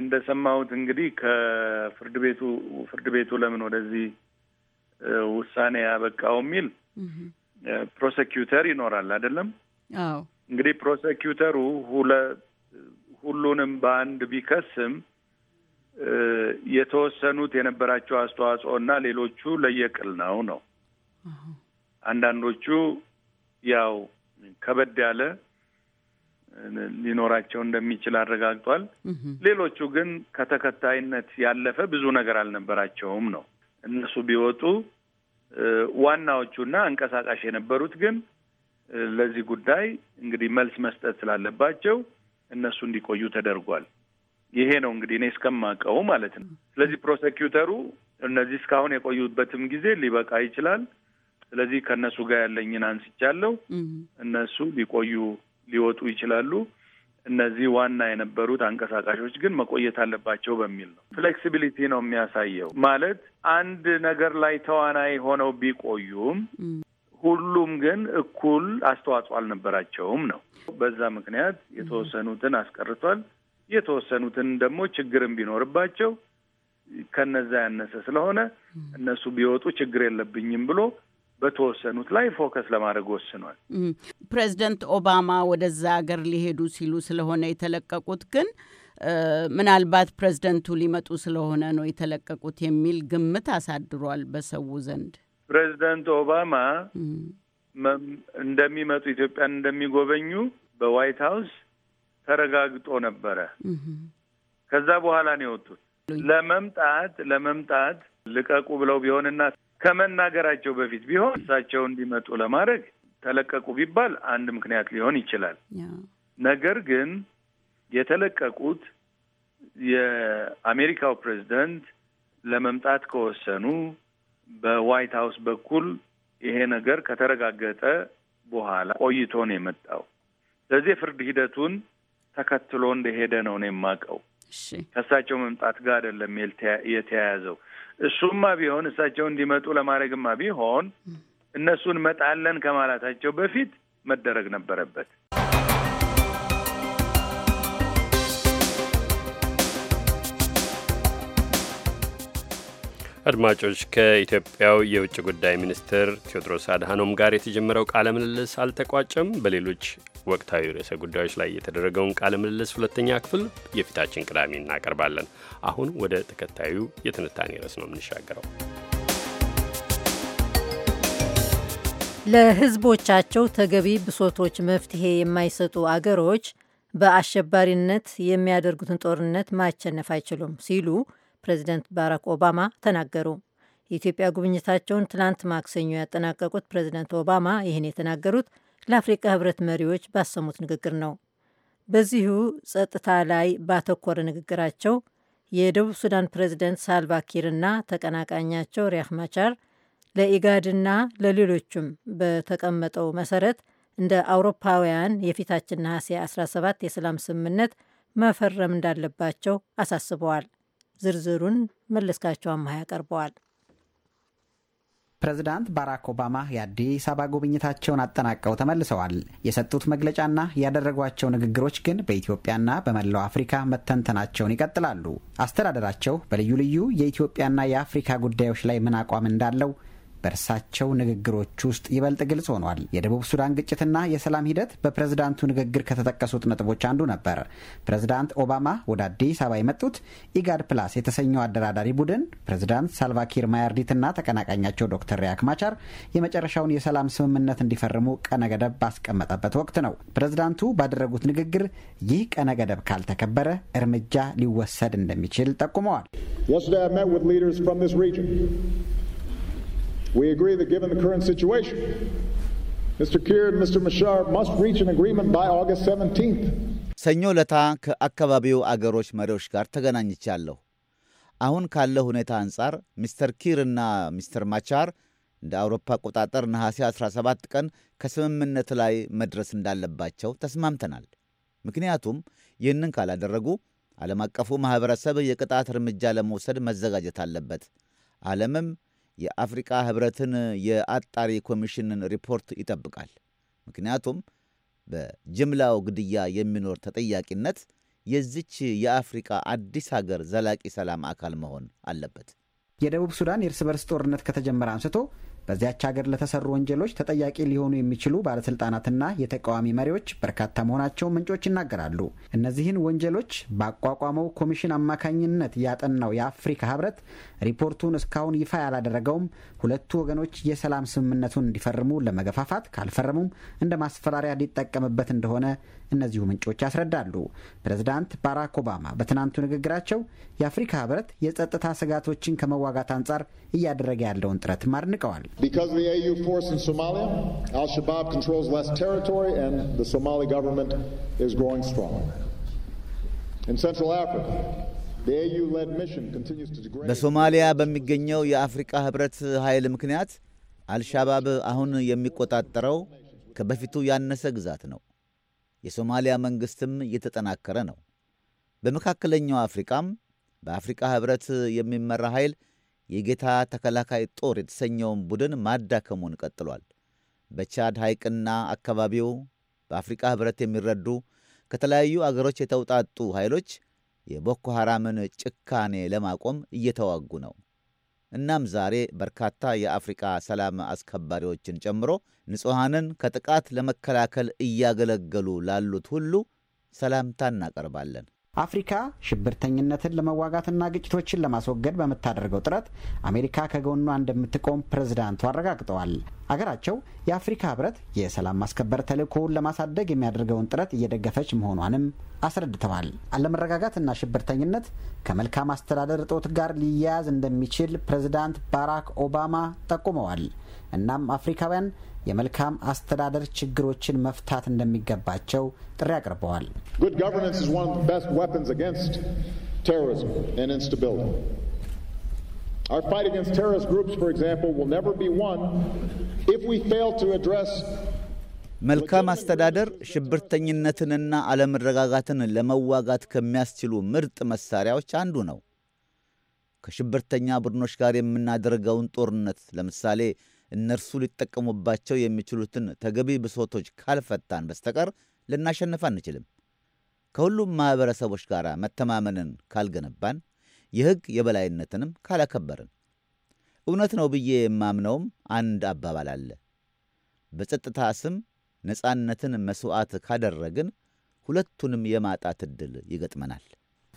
እንደሰማሁት እንግዲህ ከፍርድ ቤቱ ፍርድ ቤቱ ለምን ወደዚህ ውሳኔ ያበቃው የሚል ፕሮሰኪዩተር ይኖራል አይደለም? አዎ። እንግዲህ ፕሮሰኪዩተሩ ሁሉንም በአንድ ቢከስም የተወሰኑት የነበራቸው አስተዋጽኦ እና ሌሎቹ ለየቅል ነው ነው አንዳንዶቹ ያው ከበድ ያለ ሊኖራቸው እንደሚችል አረጋግጧል። ሌሎቹ ግን ከተከታይነት ያለፈ ብዙ ነገር አልነበራቸውም ነው። እነሱ ቢወጡ ዋናዎቹና አንቀሳቃሽ የነበሩት ግን ለዚህ ጉዳይ እንግዲህ መልስ መስጠት ስላለባቸው እነሱ እንዲቆዩ ተደርጓል። ይሄ ነው እንግዲህ እኔ እስከማውቀው ማለት ነው። ስለዚህ ፕሮሰኪውተሩ እነዚህ እስካሁን የቆዩበትም ጊዜ ሊበቃ ይችላል ስለዚህ ከእነሱ ጋር ያለኝን አንስቻለሁ። እነሱ ሊቆዩ ሊወጡ ይችላሉ። እነዚህ ዋና የነበሩት አንቀሳቃሾች ግን መቆየት አለባቸው በሚል ነው። ፍሌክሲቢሊቲ ነው የሚያሳየው። ማለት አንድ ነገር ላይ ተዋናይ ሆነው ቢቆዩም ሁሉም ግን እኩል አስተዋጽኦ አልነበራቸውም ነው። በዛ ምክንያት የተወሰኑትን አስቀርቷል። የተወሰኑትን ደግሞ ችግርም ቢኖርባቸው ከነዛ ያነሰ ስለሆነ እነሱ ቢወጡ ችግር የለብኝም ብሎ በተወሰኑት ላይ ፎከስ ለማድረግ ወስኗል። ፕሬዚደንት ኦባማ ወደዛ ሀገር ሊሄዱ ሲሉ ስለሆነ የተለቀቁት ግን ምናልባት ፕሬዚደንቱ ሊመጡ ስለሆነ ነው የተለቀቁት የሚል ግምት አሳድሯል በሰው ዘንድ። ፕሬዚደንት ኦባማ እንደሚመጡ ኢትዮጵያን እንደሚጎበኙ በዋይት ሀውስ ተረጋግጦ ነበረ። ከዛ በኋላ ነው የወጡት። ለመምጣት ለመምጣት ልቀቁ ብለው ቢሆንና ከመናገራቸው በፊት ቢሆን እሳቸው እንዲመጡ ለማድረግ ተለቀቁ ቢባል አንድ ምክንያት ሊሆን ይችላል። ነገር ግን የተለቀቁት የአሜሪካው ፕሬዚደንት ለመምጣት ከወሰኑ በዋይት ሀውስ በኩል ይሄ ነገር ከተረጋገጠ በኋላ ቆይቶ ነው የመጣው። ስለዚህ የፍርድ ሂደቱን ተከትሎ እንደሄደ ነው ነው የማውቀው። ከእሳቸው መምጣት ጋር አይደለም የተያያዘው። እሱማ ቢሆን እሳቸው እንዲመጡ ለማድረግማ ቢሆን እነሱን መጣለን ከማላታቸው በፊት መደረግ ነበረበት። አድማጮች ከኢትዮጵያው የውጭ ጉዳይ ሚኒስትር ቴዎድሮስ አድሃኖም ጋር የተጀመረው ቃለ ምልልስ አልተቋጨም። በሌሎች ወቅታዊ ርዕሰ ጉዳዮች ላይ የተደረገውን ቃለ ምልልስ ሁለተኛ ክፍል የፊታችን ቅዳሜ እናቀርባለን። አሁን ወደ ተከታዩ የትንታኔ ርዕስ ነው የምንሻገረው። ለሕዝቦቻቸው ተገቢ ብሶቶች መፍትሄ የማይሰጡ አገሮች በአሸባሪነት የሚያደርጉትን ጦርነት ማቸነፍ አይችሉም ሲሉ ፕሬዚደንት ባራክ ኦባማ ተናገሩ። የኢትዮጵያ ጉብኝታቸውን ትናንት ማክሰኞ ያጠናቀቁት ፕሬዚደንት ኦባማ ይህን የተናገሩት ለአፍሪካ ህብረት መሪዎች ባሰሙት ንግግር ነው። በዚሁ ጸጥታ ላይ ባተኮረ ንግግራቸው የደቡብ ሱዳን ፕሬዚደንት ሳልቫኪርና ተቀናቃኛቸው ሪያክ ማቻር ለኢጋድና ለሌሎቹም በተቀመጠው መሰረት እንደ አውሮፓውያን የፊታችን ነሐሴ 17 የሰላም ስምምነት መፈረም እንዳለባቸው አሳስበዋል። ዝርዝሩን መለስካቸው አማሃ ያቀርበዋል። ፕሬዝዳንት ባራክ ኦባማ የአዲስ አበባ ጉብኝታቸውን አጠናቀው ተመልሰዋል። የሰጡት መግለጫና ያደረጓቸው ንግግሮች ግን በኢትዮጵያና በመላው አፍሪካ መተንተናቸውን ይቀጥላሉ። አስተዳደራቸው በልዩ ልዩ የኢትዮጵያና የአፍሪካ ጉዳዮች ላይ ምን አቋም እንዳለው በእርሳቸው ንግግሮች ውስጥ ይበልጥ ግልጽ ሆኗል። የደቡብ ሱዳን ግጭትና የሰላም ሂደት በፕሬዝዳንቱ ንግግር ከተጠቀሱት ነጥቦች አንዱ ነበር። ፕሬዝዳንት ኦባማ ወደ አዲስ አበባ የመጡት ኢጋድ ፕላስ የተሰኘው አደራዳሪ ቡድን ፕሬዝዳንት ሳልቫኪር ማያርዲትና ተቀናቃኛቸው ዶክተር ሪያክ ማቻር የመጨረሻውን የሰላም ስምምነት እንዲፈርሙ ቀነ ገደብ ባስቀመጠበት ወቅት ነው። ፕሬዝዳንቱ ባደረጉት ንግግር ይህ ቀነ ገደብ ካልተከበረ እርምጃ ሊወሰድ እንደሚችል ጠቁመዋል። We agree that given the current situation, Mr. Kier and Mr. Mashar must reach an agreement by August 17th. ሰኞ ለታ ከአካባቢው አገሮች መሪዎች ጋር ተገናኝቻለሁ። አሁን ካለው ሁኔታ አንጻር ሚስተር ኪር እና ሚስተር ማቻር እንደ አውሮፓ አቆጣጠር ነሐሴ 17 ቀን ከስምምነት ላይ መድረስ እንዳለባቸው ተስማምተናል። ምክንያቱም ይህንን ካላደረጉ ዓለም አቀፉ ማኅበረሰብ የቅጣት እርምጃ ለመውሰድ መዘጋጀት አለበት። ዓለምም የአፍሪቃ ህብረትን የአጣሪ ኮሚሽንን ሪፖርት ይጠብቃል። ምክንያቱም በጅምላው ግድያ የሚኖር ተጠያቂነት የዚች የአፍሪቃ አዲስ ሀገር ዘላቂ ሰላም አካል መሆን አለበት። የደቡብ ሱዳን የእርስ በርስ ጦርነት ከተጀመረ አንስቶ በዚያች ሀገር ለተሰሩ ወንጀሎች ተጠያቂ ሊሆኑ የሚችሉ ባለስልጣናትና የተቃዋሚ መሪዎች በርካታ መሆናቸው ምንጮች ይናገራሉ። እነዚህን ወንጀሎች ባቋቋመው ኮሚሽን አማካኝነት ያጠናው የአፍሪካ ህብረት ሪፖርቱን እስካሁን ይፋ ያላደረገውም ሁለቱ ወገኖች የሰላም ስምምነቱን እንዲፈርሙ ለመገፋፋት ካልፈረሙም እንደ ማስፈራሪያ ሊጠቀምበት እንደሆነ እነዚሁ ምንጮች ያስረዳሉ። ፕሬዝዳንት ባራክ ኦባማ በትናንቱ ንግግራቸው የአፍሪካ ህብረት የጸጥታ ስጋቶችን ከመዋጋት አንጻር እያደረገ ያለውን ጥረትም አድንቀዋል። በሶማሊያ በሚገኘው የአፍሪካ ህብረት ኃይል ምክንያት አልሻባብ አሁን የሚቆጣጠረው ከበፊቱ ያነሰ ግዛት ነው። የሶማሊያ መንግሥትም እየተጠናከረ ነው። በመካከለኛው አፍሪቃም በአፍሪቃ ኅብረት የሚመራ ኃይል የጌታ ተከላካይ ጦር የተሰኘውን ቡድን ማዳከሙን ቀጥሏል። በቻድ ሐይቅና አካባቢው በአፍሪቃ ኅብረት የሚረዱ ከተለያዩ አገሮች የተውጣጡ ኃይሎች የቦኮ ሐራምን ጭካኔ ለማቆም እየተዋጉ ነው። እናም ዛሬ በርካታ የአፍሪቃ ሰላም አስከባሪዎችን ጨምሮ ንጹሐንን ከጥቃት ለመከላከል እያገለገሉ ላሉት ሁሉ ሰላምታ እናቀርባለን። አፍሪካ ሽብርተኝነትን ለመዋጋትና ግጭቶችን ለማስወገድ በምታደርገው ጥረት አሜሪካ ከጎኗ እንደምትቆም ፕሬዝዳንቱ አረጋግጠዋል። አገራቸው የአፍሪካ ህብረት የሰላም ማስከበር ተልእኮውን ለማሳደግ የሚያደርገውን ጥረት እየደገፈች መሆኗንም አስረድተዋል። አለመረጋጋትና ሽብርተኝነት ከመልካም አስተዳደር እጦት ጋር ሊያያዝ እንደሚችል ፕሬዚዳንት ባራክ ኦባማ ጠቁመዋል። እናም አፍሪካውያን የመልካም አስተዳደር ችግሮችን መፍታት እንደሚገባቸው ጥሪ አቅርበዋል። Our fight against terrorist groups, for example, will never be won if we fail to address መልካም አስተዳደር ሽብርተኝነትንና አለመረጋጋትን ለመዋጋት ከሚያስችሉ ምርጥ መሳሪያዎች አንዱ ነው። ከሽብርተኛ ቡድኖች ጋር የምናደርገውን ጦርነት ለምሳሌ እነርሱ ሊጠቀሙባቸው የሚችሉትን ተገቢ ብሶቶች ካልፈታን በስተቀር ልናሸንፍ አንችልም። ከሁሉም ማኅበረሰቦች ጋር መተማመንን ካልገነባን የሕግ የበላይነትንም ካላከበርን። እውነት ነው ብዬ የማምነውም አንድ አባባል አለ። በጸጥታ ስም ነጻነትን መሥዋዕት ካደረግን ሁለቱንም የማጣት ዕድል ይገጥመናል።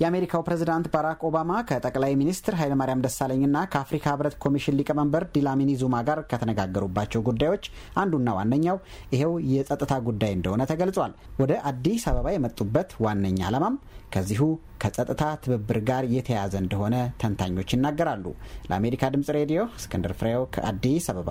የአሜሪካው ፕሬዝዳንት ባራክ ኦባማ ከጠቅላይ ሚኒስትር ኃይለማርያም ደሳለኝና ከአፍሪካ ህብረት ኮሚሽን ሊቀመንበር ዲላሚኒ ዙማ ጋር ከተነጋገሩባቸው ጉዳዮች አንዱና ዋነኛው ይሄው የጸጥታ ጉዳይ እንደሆነ ተገልጿል። ወደ አዲስ አበባ የመጡበት ዋነኛ ዓላማም ከዚሁ ከጸጥታ ትብብር ጋር የተያያዘ እንደሆነ ተንታኞች ይናገራሉ። ለአሜሪካ ድምጽ ሬዲዮ እስክንድር ፍሬው ከአዲስ አበባ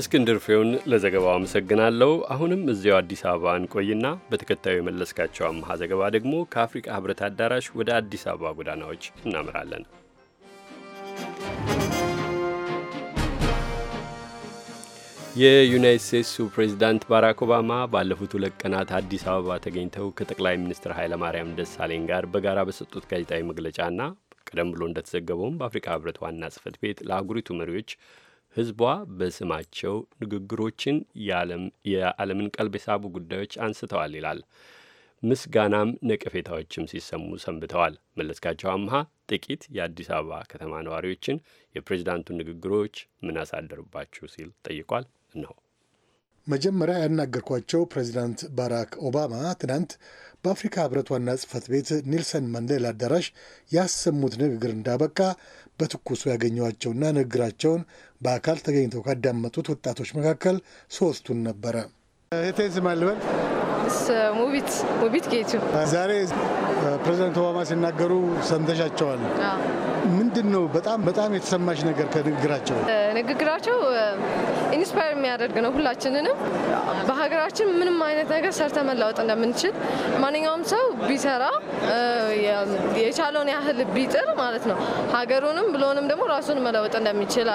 እስክንድር ፍሬውን ለዘገባው አመሰግናለሁ። አሁንም እዚያው አዲስ አበባ እንቆይና በተከታዩ የመለስካቸው አምሃ ዘገባ ደግሞ ከአፍሪቃ ህብረት አዳራሽ ወደ አዲስ አበባ ጎዳናዎች እናመራለን። የዩናይት ስቴትሱ ፕሬዚዳንት ባራክ ኦባማ ባለፉት ሁለት ቀናት አዲስ አበባ ተገኝተው ከጠቅላይ ሚኒስትር ኃይለማርያም ደሳለኝ ጋር በጋራ በሰጡት ጋዜጣዊ መግለጫና ቀደም ብሎ እንደተዘገበውም በአፍሪካ ህብረት ዋና ጽህፈት ቤት ለአህጉሪቱ መሪዎች ህዝቧ በስማቸው ንግግሮችን የዓለምን ቀልብ የሳቡ ጉዳዮች አንስተዋል ይላል። ምስጋናም ነቀፌታዎችም ሲሰሙ ሰንብተዋል። መለስካቸው አምሃ ጥቂት የአዲስ አበባ ከተማ ነዋሪዎችን የፕሬዚዳንቱን ንግግሮች ምን አሳደሩባችሁ ሲል ጠይቋል እነሆ መጀመሪያ ያናገርኳቸው ፕሬዚዳንት ባራክ ኦባማ ትናንት በአፍሪካ ህብረት ዋና ጽህፈት ቤት ኒልሰን ማንዴላ አዳራሽ ያሰሙት ንግግር እንዳበቃ በትኩሱ ያገኟቸውና ንግግራቸውን በአካል ተገኝተው ካዳመጡት ወጣቶች መካከል ሶስቱን ነበረ። የቴን ስም አልበል ጌቱ ዛሬ ፕሬዚዳንት ኦባማ ሲናገሩ ሰምተሻቸዋል። ምንድን ነው በጣም በጣም የተሰማሽ ነገር ከንግግራቸው? ንግግራቸው ኢንስፓየር የሚያደርግ ነው። ሁላችንንም በሀገራችን ምንም አይነት ነገር ሰርተ መላወጥ እንደምንችል ማንኛውም ሰው ቢሰራ የቻለውን ያህል ቢጥር ማለት ነው ሀገሩንም ብሎንም ደግሞ ራሱን መለወጥ እንደሚችል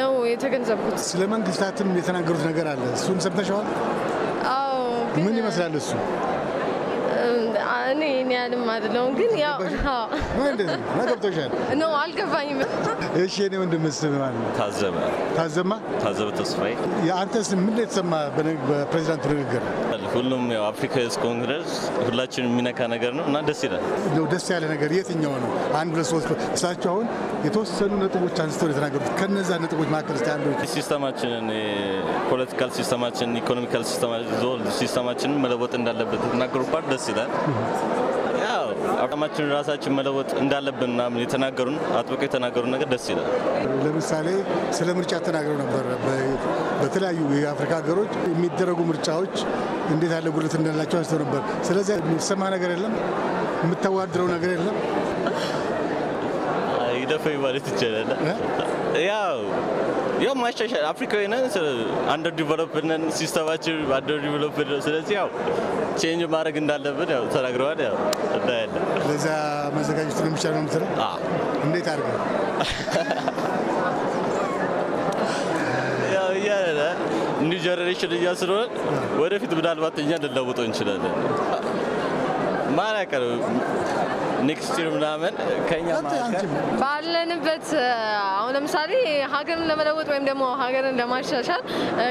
ነው የተገንዘብኩት። ስለ መንግስታትም የተናገሩት ነገር አለ። እሱን ሰምተሸዋል? ምን ይመስላል እሱ? እኔ እኔ ያልም አይደለሁም፣ ግን ያው ነው አልገባኝም። እሺ እኔ ወንድም ስም ማለት ነው ታዘበ ታዘማ ታዘበ ተስፋዬ። አንተስ ምን የተሰማ በፕሬዚዳንቱ ንግግር? ሁሉም ያው አፍሪካ ዩዝ ኮንግረስ ሁላችንም የሚነካ ነገር ነው እና ደስ ይላል። ደስ ያለ ነገር የትኛው ነው? አንድ ሁለት ሶስት እሳቸው አሁን የተወሰኑ ነጥቦች አንስተው የተናገሩት ከነዛ ነጥቦች መካከል ስ አንዱ ሲስተማችንን ፖለቲካል ሲስተማችንን ኢኮኖሚካል ሲስተማችንን መለወጥ እንዳለበት የተናገሩባት ደስ ይላል። አቋማችን ራሳችን መለወጥ እንዳለብን ምናምን የተናገሩን አጥብቀው የተናገሩን ነገር ደስ ይላል። ለምሳሌ ስለ ምርጫ ተናግረው ነበር። በተለያዩ የአፍሪካ ሀገሮች የሚደረጉ ምርጫዎች እንዴት ያለ ጉድለት እንዳላቸው አንስተው ነበር። ስለዚህ የሚሰማ ነገር የለም፣ የምታዋድረው ነገር የለም። ይደፈኝ ማለት ይቻላል ያው ያው ማሻሻል አፍሪካዊ ነን። አንደር ዲቨሎፕድ ነን፣ ሲስተማችን አንደር ዲቨሎፕድ ነው። ስለዚህ ያው ቼንጅ ማድረግ እንዳለብን ያው ተናግረዋል። ያው ያለ ለዛ መዘጋጀት ነው የሚቻለው የምትለው እንዴት አድርገህ ያው እያለ ኒው ጀኔሬሽን እኛ ስለሆነ ወደፊት ምናልባት እኛ ልንለውጠው እንችላለን። ማን ያውቃል ኔክስት ምናምን ከኛ ባለንበት አሁን ለምሳሌ ሀገርን ለመለወጥ ወይም ደግሞ ሀገርን ለማሻሻል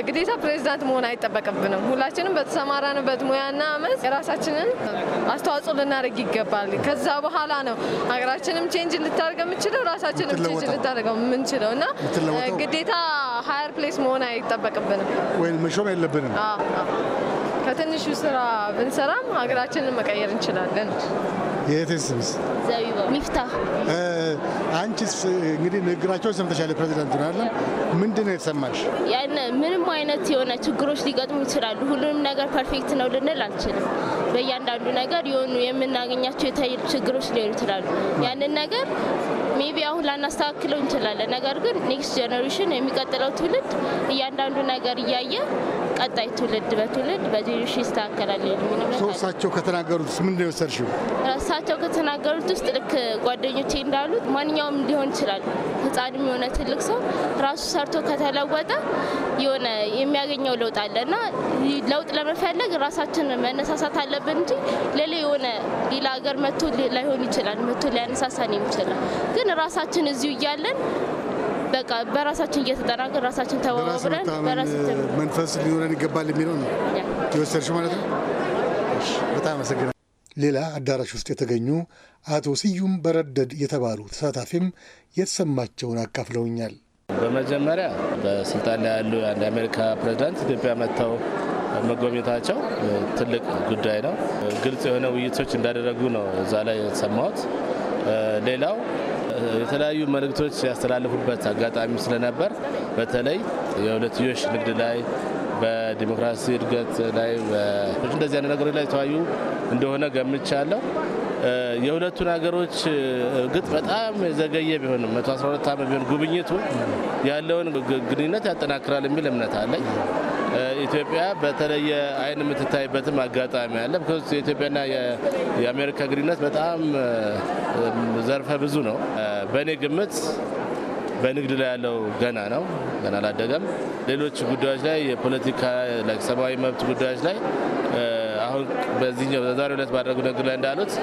ግዴታ ፕሬዚዳንት መሆን አይጠበቅብንም። ሁላችንም በተሰማራንበት ሙያና አመት የራሳችንን አስተዋጽኦ ልናደርግ ይገባል። ከዛ በኋላ ነው ሀገራችንም ቼንጅ ልታደርገ የምችለው ራሳችንም ቼንጅ ልታደርገው የምንችለው እና ግዴታ ሀየር ፕሌስ መሆን አይጠበቅብንም ወይም መሾም የለብንም። ከትንሹ ስራ ብንሰራም ሀገራችንን መቀየር እንችላለን። የትስ ምስ ሚፍታ አንቺስ እንግዲህ ንግግራቸው ሰምተሻል። ፕሬዚዳንቱን አለ ምንድን ነው የተሰማሽ? ምንም አይነት የሆነ ችግሮች ሊገጥሙ ይችላሉ። ሁሉንም ነገር ፐርፌክት ነው ልንል አንችልም። በእያንዳንዱ ነገር የሆኑ የምናገኛቸው የተለያዩ ችግሮች ሊሆኑ ይችላሉ። ያንን ነገር ሜቢ አሁን ላናስተካክለው እንችላለን። ነገር ግን ኔክስት ጄኔሬሽን የሚቀጥለው ትውልድ እያንዳንዱ ነገር እያየ ቀጣይ ትውልድ በትውልድ በዚህ ይስተካከላል የሚለው እሳቸው ከተናገሩት ምንድን ነው የወሰድሽው? እሳቸው ከተናገሩት ውስጥ ልክ ጓደኞቼ እንዳሉት ማንኛውም ሊሆን ይችላል ህፃንም የሆነ ትልቅ ሰው ራሱ ሰርቶ ከተለወጠ የሆነ የሚያገኘው ለውጥ አለ እና ለውጥ ለመፈለግ ራሳችን መነሳሳት አለብን እንጂ ሌላ የሆነ ሌላ ሀገር መቶ ላይሆን ይችላል መቶ ሊያነሳሳን ይችላል። ግን ራሳችን እዚሁ እያለን በቃ በራሳችን እየተጠናቀን ራሳችን ተባብረን በራሳችን መንፈስ ሊኖረ ሊያስተምረን ይገባል የሚለው ነው የወሰድሽው ማለት ነው። በጣም አመሰግናለሁ። ሌላ አዳራሽ ውስጥ የተገኙ አቶ ስዩም በረደድ የተባሉ ተሳታፊም የተሰማቸውን አካፍለውኛል። በመጀመሪያ በስልጣን ላይ ያሉ የአንድ አሜሪካ ፕሬዚዳንት ኢትዮጵያ መጥተው መጎብኘታቸው ትልቅ ጉዳይ ነው። ግልጽ የሆነ ውይይቶች እንዳደረጉ ነው እዛ ላይ የተሰማሁት። ሌላው የተለያዩ መልእክቶች ያስተላለፉበት አጋጣሚ ስለነበር በተለይ የሁለትዮሽ ንግድ ላይ በዲሞክራሲ እድገት ላይ እንደዚህ አይነት ነገሮች ላይ የተወያዩ እንደሆነ ገምቻለሁ። የሁለቱን ሀገሮች እርግጥ በጣም የዘገየ ቢሆንም 112 ዓመት ቢሆን ጉብኝቱ ያለውን ግንኙነት ያጠናክራል የሚል እምነት አለኝ። ኢትዮጵያ በተለየ አይን የምትታይበትም አጋጣሚ አለ። የኢትዮጵያና የአሜሪካ ግንኙነት በጣም ዘርፈ ብዙ ነው። በእኔ ግምት በንግድ ላይ ያለው ገና ነው፣ ገና አላደገም። ሌሎች ጉዳዮች ላይ የፖለቲካ ሰብአዊ መብት ጉዳዮች ላይ አሁን በዚህኛው በዛሬው ዕለት ባደረጉ ንግግር ላይ እንዳሉት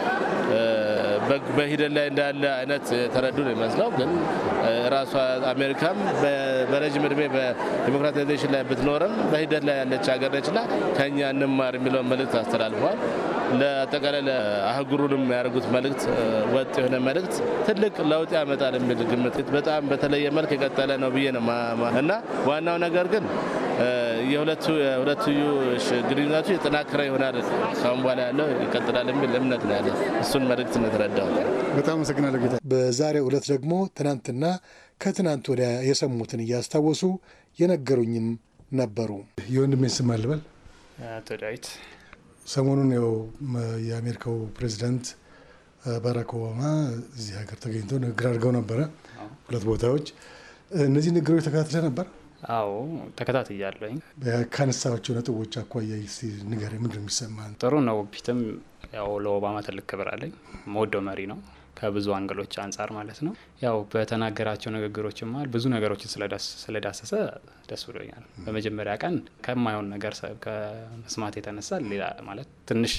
በሂደት ላይ እንዳለ አይነት ተረዱ ነው ይመስለው ግን ራሷ አሜሪካም በረጅም እድሜ በዲሞክራታይዜሽን ላይ ብትኖርም በሂደት ላይ ያለች ሀገር ነችና ከኛ እንማር የሚለውን መልእክት አስተላልፈዋል። ለአጠቃላይ ለአህጉሩንም ያደርጉት መልእክት ወጥ የሆነ መልእክት ትልቅ ለውጥ ያመጣል የሚል ግምት በጣም በተለየ መልክ የቀጠለ ነው ብዬ ነው እና ዋናው ነገር ግን የሁለትዮሽ ግንኙነቱ የጠናከረ ይሆናል። ካሁን በኋላ ያለው ይቀጥላል የሚል እምነት ነው ያለ። እሱን መልእክት ነው የተረዳው። በጣም አመሰግናለሁ ጌታ። በዛሬው ዕለት ደግሞ ትናንትና ከትናንት ወዲያ የሰሙትን እያስታወሱ የነገሩኝም ነበሩ። የወንድሜ ስም አልበል አቶ ዳዊት ሰሞኑን ያው የአሜሪካው ፕሬዚዳንት ባራክ ኦባማ እዚህ ሀገር ተገኝተው ንግግር አድርገው ነበረ፣ ሁለት ቦታዎች። እነዚህ ንግግሮች ተከታትለ ነበር? አዎ ተከታትያለኝ። ካነሳቸው ነጥቦች አኳያ እስኪ ንገረኝ፣ ምንድን ነው የሚሰማህ? ጥሩ ነው። ፊትም ያው ለኦባማ ትልቅ ክብር አለኝ። መወደው መሪ ነው። ከብዙ አንግሎች አንጻር ማለት ነው። ያው በተናገራቸው ንግግሮች ማል ብዙ ነገሮችን ስለዳሰሰ ደስ ብሎኛል። በመጀመሪያ ቀን ከማይሆን ነገር ከመስማት የተነሳ ሌላ ማለት ትንሽ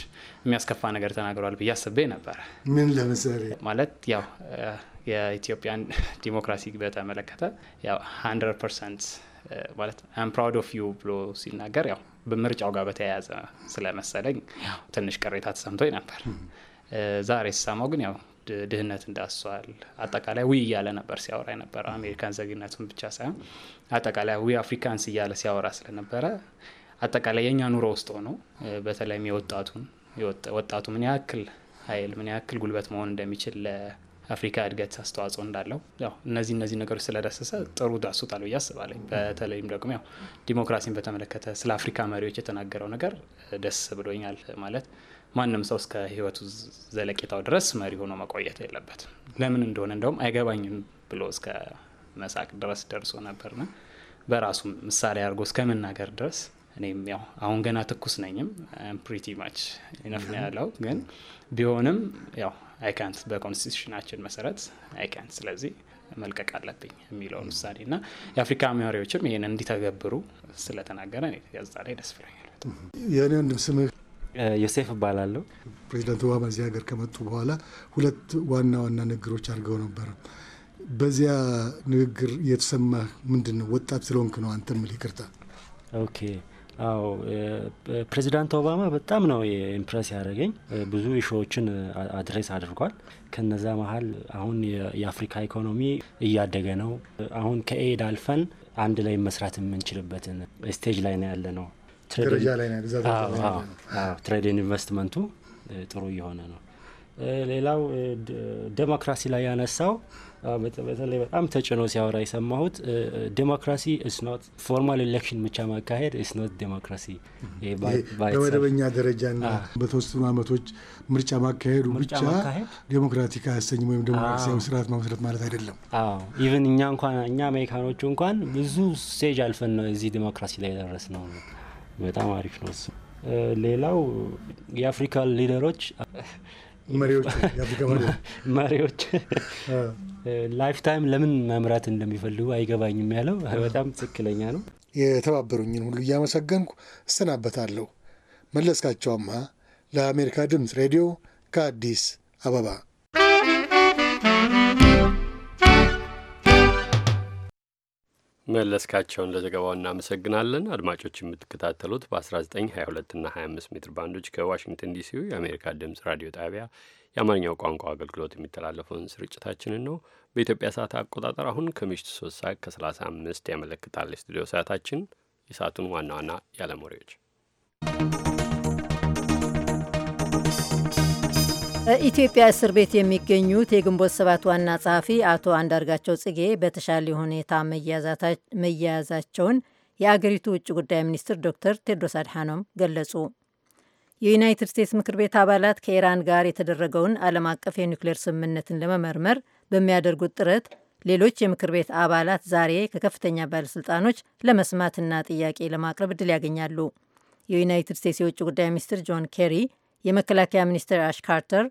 የሚያስከፋ ነገር ተናግሯል ብዬ አስቤ ነበረ። ምን ለምሳሌ ማለት ያው የኢትዮጵያን ዲሞክራሲ በተመለከተ ያው ሀንድረድ ፐርሰንት ማለት አም ፕራውድ ኦፍ ዩ ብሎ ሲናገር ያው በምርጫው ጋር በተያያዘ ስለመሰለኝ ያው ትንሽ ቅሬታ ተሰምቶኝ ነበር። ዛሬ ስሰማው ግን ያው ድህነት እንዳሷል አጠቃላይ ዊ እያለ ነበር ሲያወራ የነበረ አሜሪካን ዘግነቱን ብቻ ሳይሆን አጠቃላይ ዊ አፍሪካንስ እያለ ሲያወራ ስለነበረ አጠቃላይ የእኛ ኑሮ ውስጥ ሆኖ በተለይም የወጣቱን ወጣቱ ምን ያክል ኃይል ምን ያክል ጉልበት መሆን እንደሚችል ለአፍሪካ እድገት አስተዋጽኦ እንዳለው ያው እነዚህ እነዚህ ነገሮች ስለደሰሰ ጥሩ ዳሶታል ብዬ አስባለኝ። በተለይም ደግሞ ያው ዲሞክራሲን በተመለከተ ስለ አፍሪካ መሪዎች የተናገረው ነገር ደስ ብሎኛል ማለት ማንም ሰው እስከ ህይወቱ ዘለቄታው ድረስ መሪ ሆኖ መቆየት የለበትም። ለምን እንደሆነ እንደውም አይገባኝም ብሎ እስከ መሳቅ ድረስ ደርሶ ነበርና በራሱ ምሳሌ አድርጎ እስከ መናገር ድረስ እኔም ያው አሁን ገና ትኩስ ነኝም ፕሪቲ ማች ኢነፍ ነው ያለው። ግን ቢሆንም ያው አይካንት በኮንስቲቱሽናችን መሰረት አይካንት ስለዚህ መልቀቅ አለብኝ የሚለውን ውሳኔ እና የአፍሪካ መሪዎችም ይህን እንዲተገብሩ ስለተናገረ ያዛ ላይ ደስ ብለኛል የእኔ ወንድም ስምህ ዮሴፍ እባላለሁ። ፕሬዚዳንት ኦባማ እዚህ ሀገር ከመጡ በኋላ ሁለት ዋና ዋና ንግግሮች አድርገው ነበር። በዚያ ንግግር የተሰማ ምንድን ነው? ወጣት ስለሆንክ ነው አንተ ምል ይቅርታ። ኦኬ አዎ ፕሬዚዳንት ኦባማ በጣም ነው ኢምፕረስ ያደረገኝ። ብዙ ኢሹዎችን አድሬስ አድርጓል። ከነዛ መሀል አሁን የአፍሪካ ኢኮኖሚ እያደገ ነው። አሁን ከኤድ አልፈን አንድ ላይ መስራት የምንችልበትን ስቴጅ ላይ ነው ያለ ነው ትሬድ ኢንቨስትመንቱ ጥሩ እየሆነ ነው። ሌላው ዴሞክራሲ ላይ ያነሳው በተለይ በጣም ተጭኖ ሲያወራ የሰማሁት ዴሞክራሲ ስኖት ፎርማል ኤሌክሽን ብቻ ማካሄድ ስኖት ዴሞክራሲ፣ በመደበኛ ደረጃና በተወሰኑ ዓመቶች ምርጫ ማካሄዱ ብቻ ዴሞክራቲክ አያሰኝም ወይም ዴሞክራሲያዊ ስርዓት መመስረት ማለት አይደለም። አዎ ኢቨን እኛ እንኳን እኛ አሜሪካኖቹ እንኳን ብዙ ስቴጅ አልፈን ነው እዚህ ዴሞክራሲ ላይ የደረስ ነው። በጣም አሪፍ ነው እሱ። ሌላው የአፍሪካ ሊደሮች መሪዎች ላይፍ ታይም ለምን መምራት እንደሚፈልጉ አይገባኝም ያለው በጣም ትክክለኛ ነው። የተባበሩኝን ሁሉ እያመሰገንኩ እሰናበታለሁ። መለስካቸው አምሃ ለአሜሪካ ድምፅ ሬዲዮ ከአዲስ አበባ መለስካቸውን ለዘገባው እናመሰግናለን። አድማጮች የምትከታተሉት በ1922 እና 25 ሜትር ባንዶች ከዋሽንግተን ዲሲው የአሜሪካ ድምፅ ራዲዮ ጣቢያ የአማርኛው ቋንቋ አገልግሎት የሚተላለፈውን ስርጭታችንን ነው። በኢትዮጵያ ሰዓት አቆጣጠር አሁን ከምሽቱ 3 ሰዓት ከ35 ያመለክታል። የስቱዲዮ ሰዓታችን የሰዓቱን ዋና ዋና የዓለም ወሬዎች ኢትዮጵያ እስር ቤት የሚገኙት የግንቦት ሰባት ዋና ጸሐፊ አቶ አንዳርጋቸው ጽጌ በተሻለ ሁኔታ መያያዛቸውን የአገሪቱ ውጭ ጉዳይ ሚኒስትር ዶክተር ቴድሮስ አድሓኖም ገለጹ። የዩናይትድ ስቴትስ ምክር ቤት አባላት ከኢራን ጋር የተደረገውን ዓለም አቀፍ የኒውክሌር ስምምነትን ለመመርመር በሚያደርጉት ጥረት ሌሎች የምክር ቤት አባላት ዛሬ ከከፍተኛ ባለሥልጣኖች ለመስማትና ጥያቄ ለማቅረብ እድል ያገኛሉ። የዩናይትድ ስቴትስ የውጭ ጉዳይ ሚኒስትር ጆን ኬሪ የመከላከያ ሚኒስትር አሽ ካርተር፣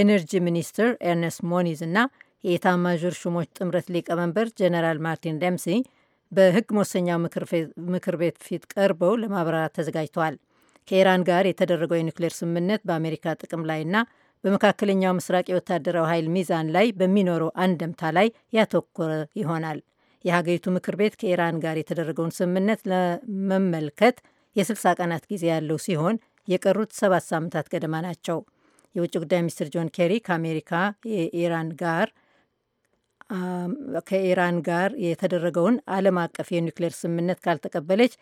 ኤነርጂ ሚኒስትር ኤርነስት ሞኒዝ እና የኤታማዦር ሹሞች ጥምረት ሊቀመንበር ጀነራል ማርቲን ደምሲ በህግ መወሰኛው ምክር ቤት ፊት ቀርበው ለማብራራት ተዘጋጅተዋል። ከኢራን ጋር የተደረገው የኒውክሌር ስምምነት በአሜሪካ ጥቅም ላይና በመካከለኛው ምስራቅ የወታደራዊ ኃይል ሚዛን ላይ በሚኖረው አንደምታ ላይ ያተኮረ ይሆናል። የሀገሪቱ ምክር ቤት ከኢራን ጋር የተደረገውን ስምምነት ለመመልከት የ60 ቀናት ጊዜ ያለው ሲሆን የቀሩት ሰባት ሳምንታት ገደማ ናቸው። የውጭ ጉዳይ ሚኒስትር ጆን ኬሪ ከአሜሪካ የኢራን ጋር ከኢራን ጋር የተደረገውን ዓለም አቀፍ የኒክሌር ስምምነት ካልተቀበለች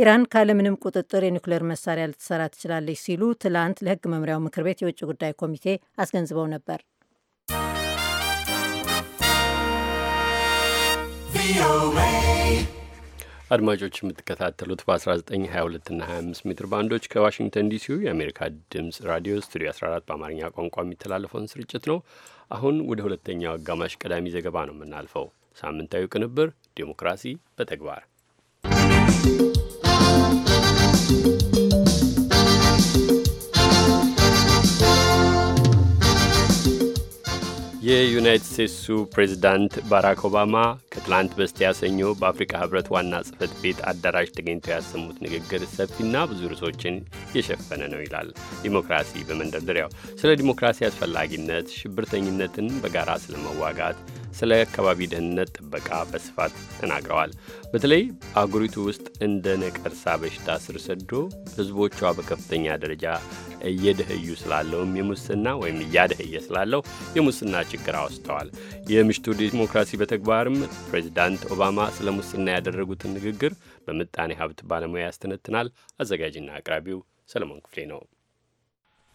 ኢራን ካለምንም ቁጥጥር የኒክሌር መሳሪያ ልትሰራ ትችላለች ሲሉ ትላንት ለሕግ መምሪያው ምክር ቤት የውጭ ጉዳይ ኮሚቴ አስገንዝበው ነበር። ቪኦኤ አድማጮች የምትከታተሉት በ1922 እና 25 ሜትር ባንዶች ከዋሽንግተን ዲሲው የአሜሪካ ድምፅ ራዲዮ ስቱዲዮ 14 በአማርኛ ቋንቋ የሚተላለፈውን ስርጭት ነው። አሁን ወደ ሁለተኛው አጋማሽ ቀዳሚ ዘገባ ነው የምናልፈው። ሳምንታዊ ቅንብር ዴሞክራሲ በተግባር የዩናይትድ ስቴትሱ ፕሬዚዳንት ባራክ ኦባማ ከትላንት በስቲያ ሰኞ በአፍሪካ ህብረት ዋና ጽህፈት ቤት አዳራሽ ተገኝተው ያሰሙት ንግግር ሰፊና ብዙ ርዕሶችን የሸፈነ ነው ይላል ዲሞክራሲ በመንደርደሪያው። ስለ ዲሞክራሲ አስፈላጊነት፣ ሽብርተኝነትን በጋራ ስለመዋጋት፣ ስለ አካባቢ ደህንነት ጥበቃ በስፋት ተናግረዋል። በተለይ አጉሪቱ ውስጥ እንደ ነቀርሳ በሽታ ስር ሰዶ ህዝቦቿ በከፍተኛ ደረጃ እየደህዩ ስላለውም የሙስና ወይም እያደህየ ስላለው የሙስና ችግር አወስተዋል። የምሽቱ ዲሞክራሲ በተግባርም ፕሬዚዳንት ኦባማ ስለ ሙስና ያደረጉትን ንግግር በምጣኔ ሀብት ባለሙያ ያስተነትናል። አዘጋጅና አቅራቢው ሰለሞን ክፍሌ ነው።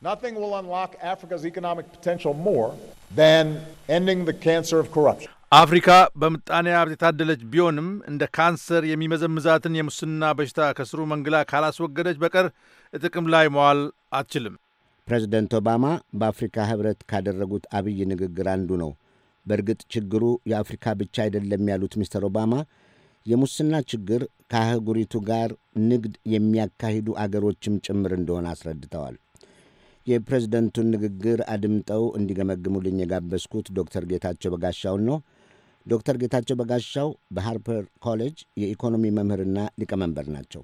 Nothing will unlock Africa's economic potential more than ending the cancer of corruption. አፍሪካ በምጣኔ ሀብት የታደለች ቢሆንም እንደ ካንሰር የሚመዘምዛትን የሙስና በሽታ ከስሩ መንግላ ካላስወገደች በቀር ጥቅም ላይ መዋል አትችልም። ፕሬዝደንት ኦባማ በአፍሪካ ህብረት ካደረጉት አብይ ንግግር አንዱ ነው። በእርግጥ ችግሩ የአፍሪካ ብቻ አይደለም ያሉት ሚስተር ኦባማ የሙስና ችግር ከአህጉሪቱ ጋር ንግድ የሚያካሂዱ አገሮችም ጭምር እንደሆነ አስረድተዋል። የፕሬዝደንቱን ንግግር አድምጠው እንዲገመግሙልኝ የጋበዝኩት ዶክተር ጌታቸው በጋሻውን ነው። ዶክተር ጌታቸው በጋሻው በሃርፐር ኮሌጅ የኢኮኖሚ መምህርና ሊቀመንበር ናቸው።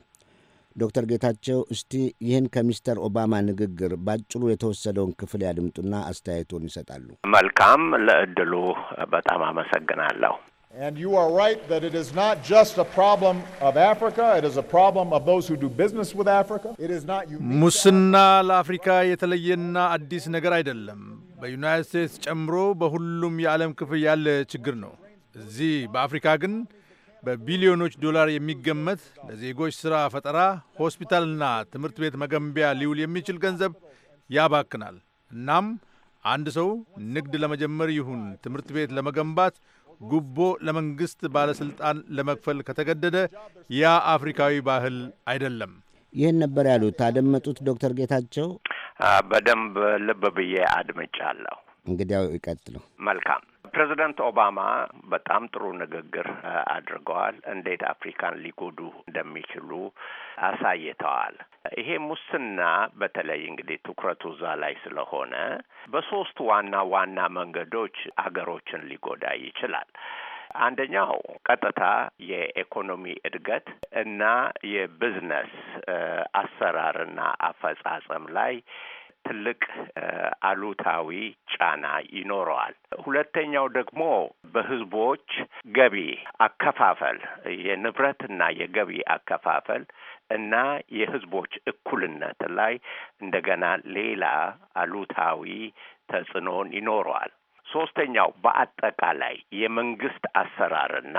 ዶክተር ጌታቸው እስቲ ይህን ከሚስተር ኦባማ ንግግር ባጭሩ የተወሰደውን ክፍል ያድምጡና አስተያየቱን ይሰጣሉ። መልካም፣ ለእድሉ በጣም አመሰግናለሁ። And you are right that it is not just a problem of Africa, it is a problem of those who do business with Africa. It is not unique. ሙስና ለአፍሪካ የተለየና አዲስ ነገር አይደለም። በዩናይትድ ስቴትስ ጨምሮ በሁሉም የዓለም ክፍል ያለ ችግር ነው። እዚህ በአፍሪካ ግን በቢሊዮኖች ዶላር የሚገመት ለዜጎች ሥራ ፈጠራ፣ ሆስፒታልና ትምህርት ቤት መገንቢያ ሊውል የሚችል ገንዘብ ያባክናል። እናም አንድ ሰው ንግድ ለመጀመር ይሁን ትምህርት ቤት ለመገንባት ጉቦ ለመንግሥት ባለሥልጣን ለመክፈል ከተገደደ ያ አፍሪካዊ ባህል አይደለም። ይህን ነበር ያሉት። አደመጡት ዶክተር ጌታቸው? በደንብ ልብ ብዬ አድምጫለሁ። እንግዲያው ይቀጥሉ። መልካም ፕሬዚደንት ኦባማ በጣም ጥሩ ንግግር አድርገዋል። እንዴት አፍሪካን ሊጎዱ እንደሚችሉ አሳይተዋል። ይሄ ሙስና በተለይ እንግዲህ ትኩረቱ እዛ ላይ ስለሆነ በሶስት ዋና ዋና መንገዶች አገሮችን ሊጎዳ ይችላል። አንደኛው ቀጥታ የኢኮኖሚ እድገት እና የቢዝነስ አሰራርና አፈጻጸም ላይ ትልቅ አሉታዊ ጫና ይኖረዋል። ሁለተኛው ደግሞ በህዝቦች ገቢ አከፋፈል የንብረትና የገቢ አከፋፈል እና የህዝቦች እኩልነት ላይ እንደገና ሌላ አሉታዊ ተጽዕኖን ይኖረዋል። ሶስተኛው በአጠቃላይ የመንግስት አሰራርና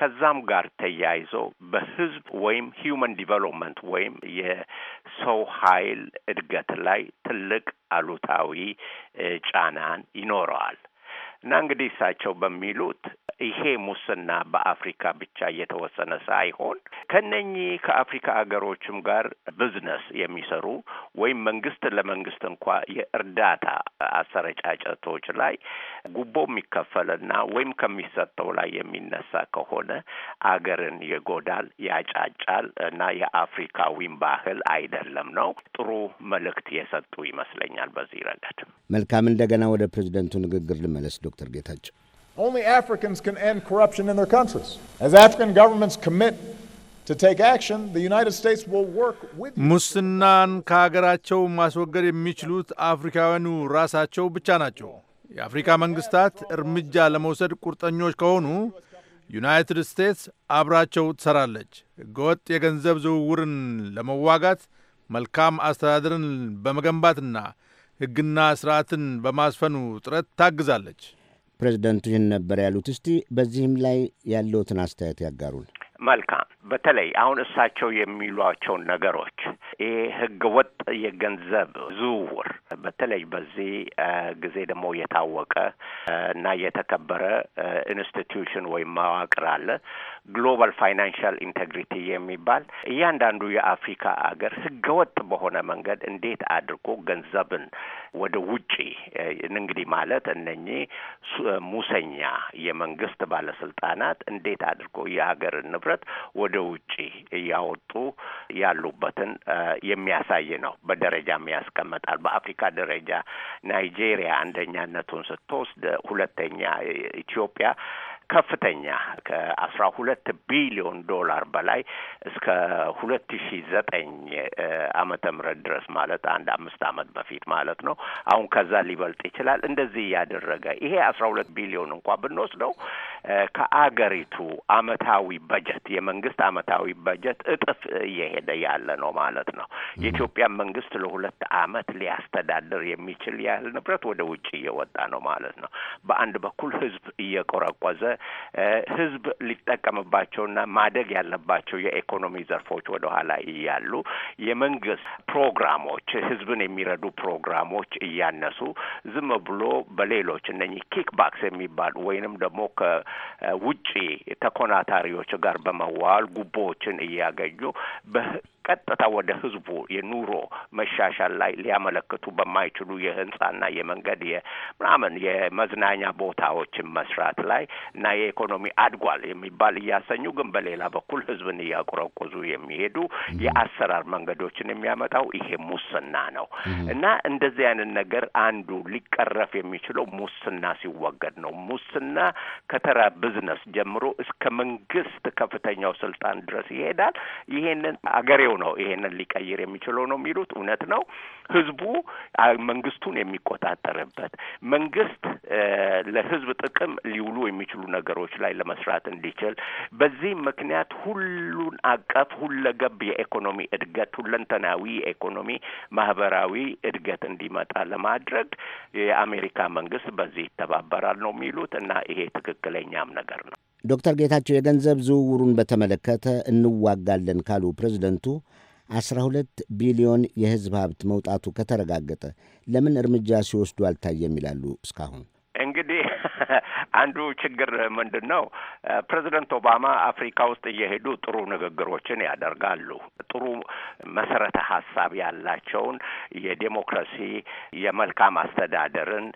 ከዛም ጋር ተያይዞ በህዝብ ወይም ሂዩማን ዲቨሎፕመንት ወይም የሰው ኃይል እድገት ላይ ትልቅ አሉታዊ ጫናን ይኖረዋል። እና እንግዲህ እሳቸው በሚሉት ይሄ ሙስና በአፍሪካ ብቻ እየተወሰነ ሳይሆን ከነኚህ ከአፍሪካ ሀገሮችም ጋር ብዝነስ የሚሰሩ ወይም መንግስት ለመንግስት እንኳ የእርዳታ አሰረጫጨቶች ላይ ጉቦ የሚከፈልና ወይም ከሚሰጠው ላይ የሚነሳ ከሆነ አገርን ይጎዳል፣ ያጫጫል እና የአፍሪካዊም ባህል አይደለም ነው። ጥሩ መልእክት የሰጡ ይመስለኛል በዚህ ረገድ። መልካም። እንደገና ወደ ፕሬዚደንቱ ንግግር ልመለስ ዶክተር ጌታቸው Only Africans can end corruption in their countries. As African governments commit to take action, the United States will work with ሙስናን ከሀገራቸው ማስወገድ የሚችሉት አፍሪካውያኑ ራሳቸው ብቻ ናቸው። የአፍሪካ መንግስታት እርምጃ ለመውሰድ ቁርጠኞች ከሆኑ ዩናይትድ ስቴትስ አብራቸው ትሰራለች። ህገወጥ የገንዘብ ዝውውርን ለመዋጋት መልካም አስተዳደርን በመገንባትና ሕግና ስርዓትን በማስፈኑ ጥረት ታግዛለች። ፕሬዚደንቱ ይህን ነበር ያሉት። እስቲ በዚህም ላይ ያለውትን አስተያየት ያጋሩን። መልካም። በተለይ አሁን እሳቸው የሚሏቸውን ነገሮች ይህ ህገ ወጥ የገንዘብ ዝውውር በተለይ በዚህ ጊዜ ደግሞ የታወቀ እና የተከበረ ኢንስቲትዩሽን ወይም መዋቅር አለ። ግሎባል ፋይናንሻል ኢንቴግሪቲ የሚባል እያንዳንዱ የአፍሪካ አገር ህገወጥ በሆነ መንገድ እንዴት አድርጎ ገንዘብን ወደ ውጪ እንግዲህ ማለት እነኚህ ሙሰኛ የመንግስት ባለስልጣናት እንዴት አድርጎ የሀገርን ንብረት ወደ ውጪ እያወጡ ያሉበትን የሚያሳይ ነው። በደረጃም ያስቀምጣል። በአፍሪካ ደረጃ ናይጄሪያ አንደኛነቱን ስትወስድ፣ ሁለተኛ ኢትዮጵያ ከፍተኛ ከአስራ ሁለት ቢሊዮን ዶላር በላይ እስከ ሁለት ሺ ዘጠኝ ዓመተ ምህረት ድረስ ማለት አንድ አምስት ዓመት በፊት ማለት ነው። አሁን ከዛ ሊበልጥ ይችላል። እንደዚህ እያደረገ ይሄ አስራ ሁለት ቢሊዮን እንኳ ብንወስደው ከአገሪቱ አመታዊ በጀት የመንግስት አመታዊ በጀት እጥፍ እየሄደ ያለ ነው ማለት ነው። የኢትዮጵያ መንግስት ለሁለት አመት ሊያስተዳድር የሚችል ያህል ንብረት ወደ ውጭ እየወጣ ነው ማለት ነው። በአንድ በኩል ህዝብ እየቆረቆዘ ህዝብ ሊጠቀምባቸውና ማደግ ያለባቸው የኢኮኖሚ ዘርፎች ወደ ኋላ እያሉ የመንግስት ፕሮግራሞች ህዝብን የሚረዱ ፕሮግራሞች እያነሱ ዝም ብሎ በሌሎች እነኚህ ኪክባክስ የሚባሉ ወይንም ደግሞ ከውጭ ተኮናታሪዎች ጋር በመዋል ጉቦዎችን እያገኙ ቀጥታ ወደ ህዝቡ የኑሮ መሻሻል ላይ ሊያመለክቱ በማይችሉ የህንጻና የመንገድ የምናምን የመዝናኛ ቦታዎችን መስራት ላይ እና የኢኮኖሚ አድጓል የሚባል እያሰኙ ግን በሌላ በኩል ህዝብን እያቆረቆዙ የሚሄዱ የአሰራር መንገዶችን የሚያመጣው ይሄ ሙስና ነው እና እንደዚህ አይነት ነገር አንዱ ሊቀረፍ የሚችለው ሙስና ሲወገድ ነው። ሙስና ከተራ ቢዝነስ ጀምሮ እስከ መንግስት ከፍተኛው ስልጣን ድረስ ይሄዳል። ይሄንን አገሬው ነው ይሄንን ሊቀይር የሚችለው ነው የሚሉት እውነት ነው። ህዝቡ መንግስቱን የሚቆጣጠርበት መንግስት ለህዝብ ጥቅም ሊውሉ የሚችሉ ነገሮች ላይ ለመስራት እንዲችል በዚህ ምክንያት ሁሉን አቀፍ ሁለገብ የኢኮኖሚ እድገት ሁለንተናዊ የኢኮኖሚ ማህበራዊ እድገት እንዲመጣ ለማድረግ የአሜሪካ መንግስት በዚህ ይተባበራል ነው የሚሉት እና ይሄ ትክክለኛም ነገር ነው። ዶክተር ጌታቸው የገንዘብ ዝውውሩን በተመለከተ እንዋጋለን ካሉ ፕሬዚደንቱ 12 ቢሊዮን የህዝብ ሀብት መውጣቱ ከተረጋገጠ ለምን እርምጃ ሲወስዱ አልታየም ይላሉ? እስካሁን እንግዲህ አንዱ ችግር ምንድን ነው? ፕሬዚደንት ኦባማ አፍሪካ ውስጥ እየሄዱ ጥሩ ንግግሮችን ያደርጋሉ። ጥሩ መሰረተ ሀሳብ ያላቸውን የዴሞክራሲ የመልካም አስተዳደርን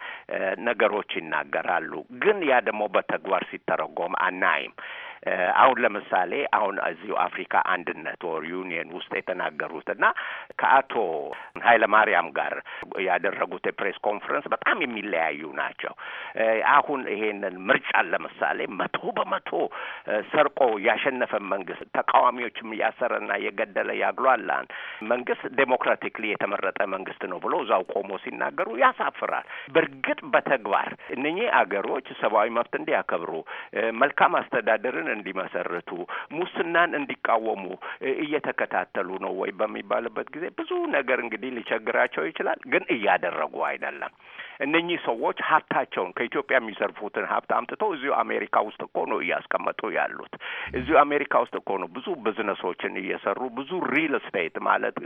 ነገሮች ይናገራሉ። ግን ያ ደግሞ በተግባር ሲተረጎም አናይም። አሁን ለምሳሌ አሁን እዚሁ አፍሪካ አንድነት ወር ዩኒየን ውስጥ የተናገሩት እና ከአቶ ኃይለ ማርያም ጋር ያደረጉት የፕሬስ ኮንፈረንስ በጣም የሚለያዩ ናቸው። አሁን ይሄንን ምርጫን ለምሳሌ መቶ በመቶ ሰርቆ ያሸነፈ መንግስት ተቃዋሚዎችም እያሰረና የገደለ ያግሏላን መንግስት ዴሞክራቲክሊ የተመረጠ መንግስት ነው ብሎ እዛው ቆሞ ሲናገሩ ያሳፍራል። በእርግጥ በተግባር እነኚህ አገሮች ሰብአዊ መብት እንዲያከብሩ መልካም አስተዳደርን እንዲመሰርቱ፣ ሙስናን እንዲቃወሙ እየተከታተሉ ነው ወይ በሚባልበት ጊዜ ብዙ ነገር እንግዲህ ሊቸግራቸው ይችላል። ግን እያደረጉ አይደለም። እነኚህ ሰዎች ሀብታቸውን ከኢትዮጵያ የሚዘርፉትን ሀብት አምጥተው እዚሁ አሜሪካ ውስጥ እኮ ነው እያስቀመጡ ያሉት። እዚሁ አሜሪካ ውስጥ እኮ ነው ብዙ ብዝነሶችን እየሰሩ ብዙ ሪል ስቴት ማለት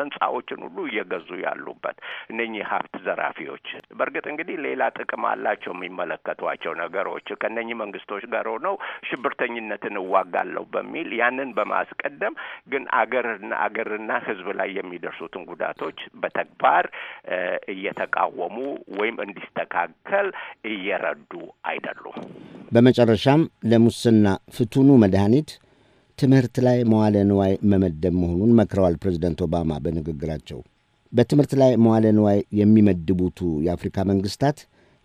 ህንጻዎችን ሁሉ እየገዙ ያሉበት እነኚህ ሀብት ዘራፊዎች። በእርግጥ እንግዲህ ሌላ ጥቅም አላቸው የሚመለከቷቸው ነገሮች ከእነኚህ መንግስቶች ጋር ሆነው ሽብርተ ሽብርተኝነትን እዋጋለሁ በሚል ያንን በማስቀደም ግን አገርና አገርና ህዝብ ላይ የሚደርሱትን ጉዳቶች በተግባር እየተቃወሙ ወይም እንዲስተካከል እየረዱ አይደሉም። በመጨረሻም ለሙስና ፍቱኑ መድኃኒት ትምህርት ላይ መዋለ ንዋይ መመደብ መሆኑን መክረዋል ፕሬዚደንት ኦባማ በንግግራቸው። በትምህርት ላይ መዋለ ንዋይ የሚመድቡቱ የአፍሪካ መንግስታት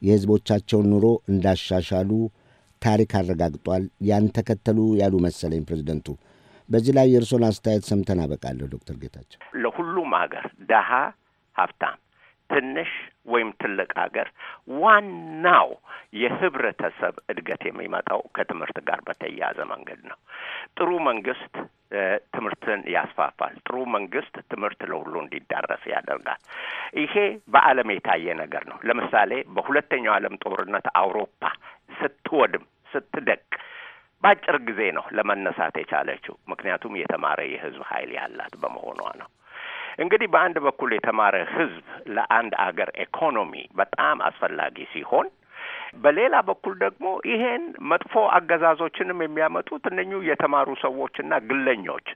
የህዝቦቻቸውን ኑሮ እንዳሻሻሉ ታሪክ አረጋግጧል። ያን ተከተሉ ያሉ መሰለኝ ፕሬዚደንቱ። በዚህ ላይ የእርስዎን አስተያየት ሰምተን አበቃለሁ። ዶክተር ጌታቸው ለሁሉም ሀገር ደሃ ሀብታም ትንሽ ወይም ትልቅ ሀገር ዋናው የህብረተሰብ እድገት የሚመጣው ከትምህርት ጋር በተያያዘ መንገድ ነው። ጥሩ መንግስት ትምህርትን ያስፋፋል። ጥሩ መንግስት ትምህርት ለሁሉ እንዲዳረስ ያደርጋል። ይሄ በዓለም የታየ ነገር ነው። ለምሳሌ በሁለተኛው ዓለም ጦርነት አውሮፓ ስትወድም ስትደቅ በአጭር ጊዜ ነው ለመነሳት የቻለችው። ምክንያቱም የተማረ የህዝብ ኃይል ያላት በመሆኗ ነው። እንግዲህ በአንድ በኩል የተማረ ህዝብ ለአንድ አገር ኢኮኖሚ በጣም አስፈላጊ ሲሆን በሌላ በኩል ደግሞ ይሄን መጥፎ አገዛዞችንም የሚያመጡት እነኚሁ የተማሩ ሰዎችና ግለኞች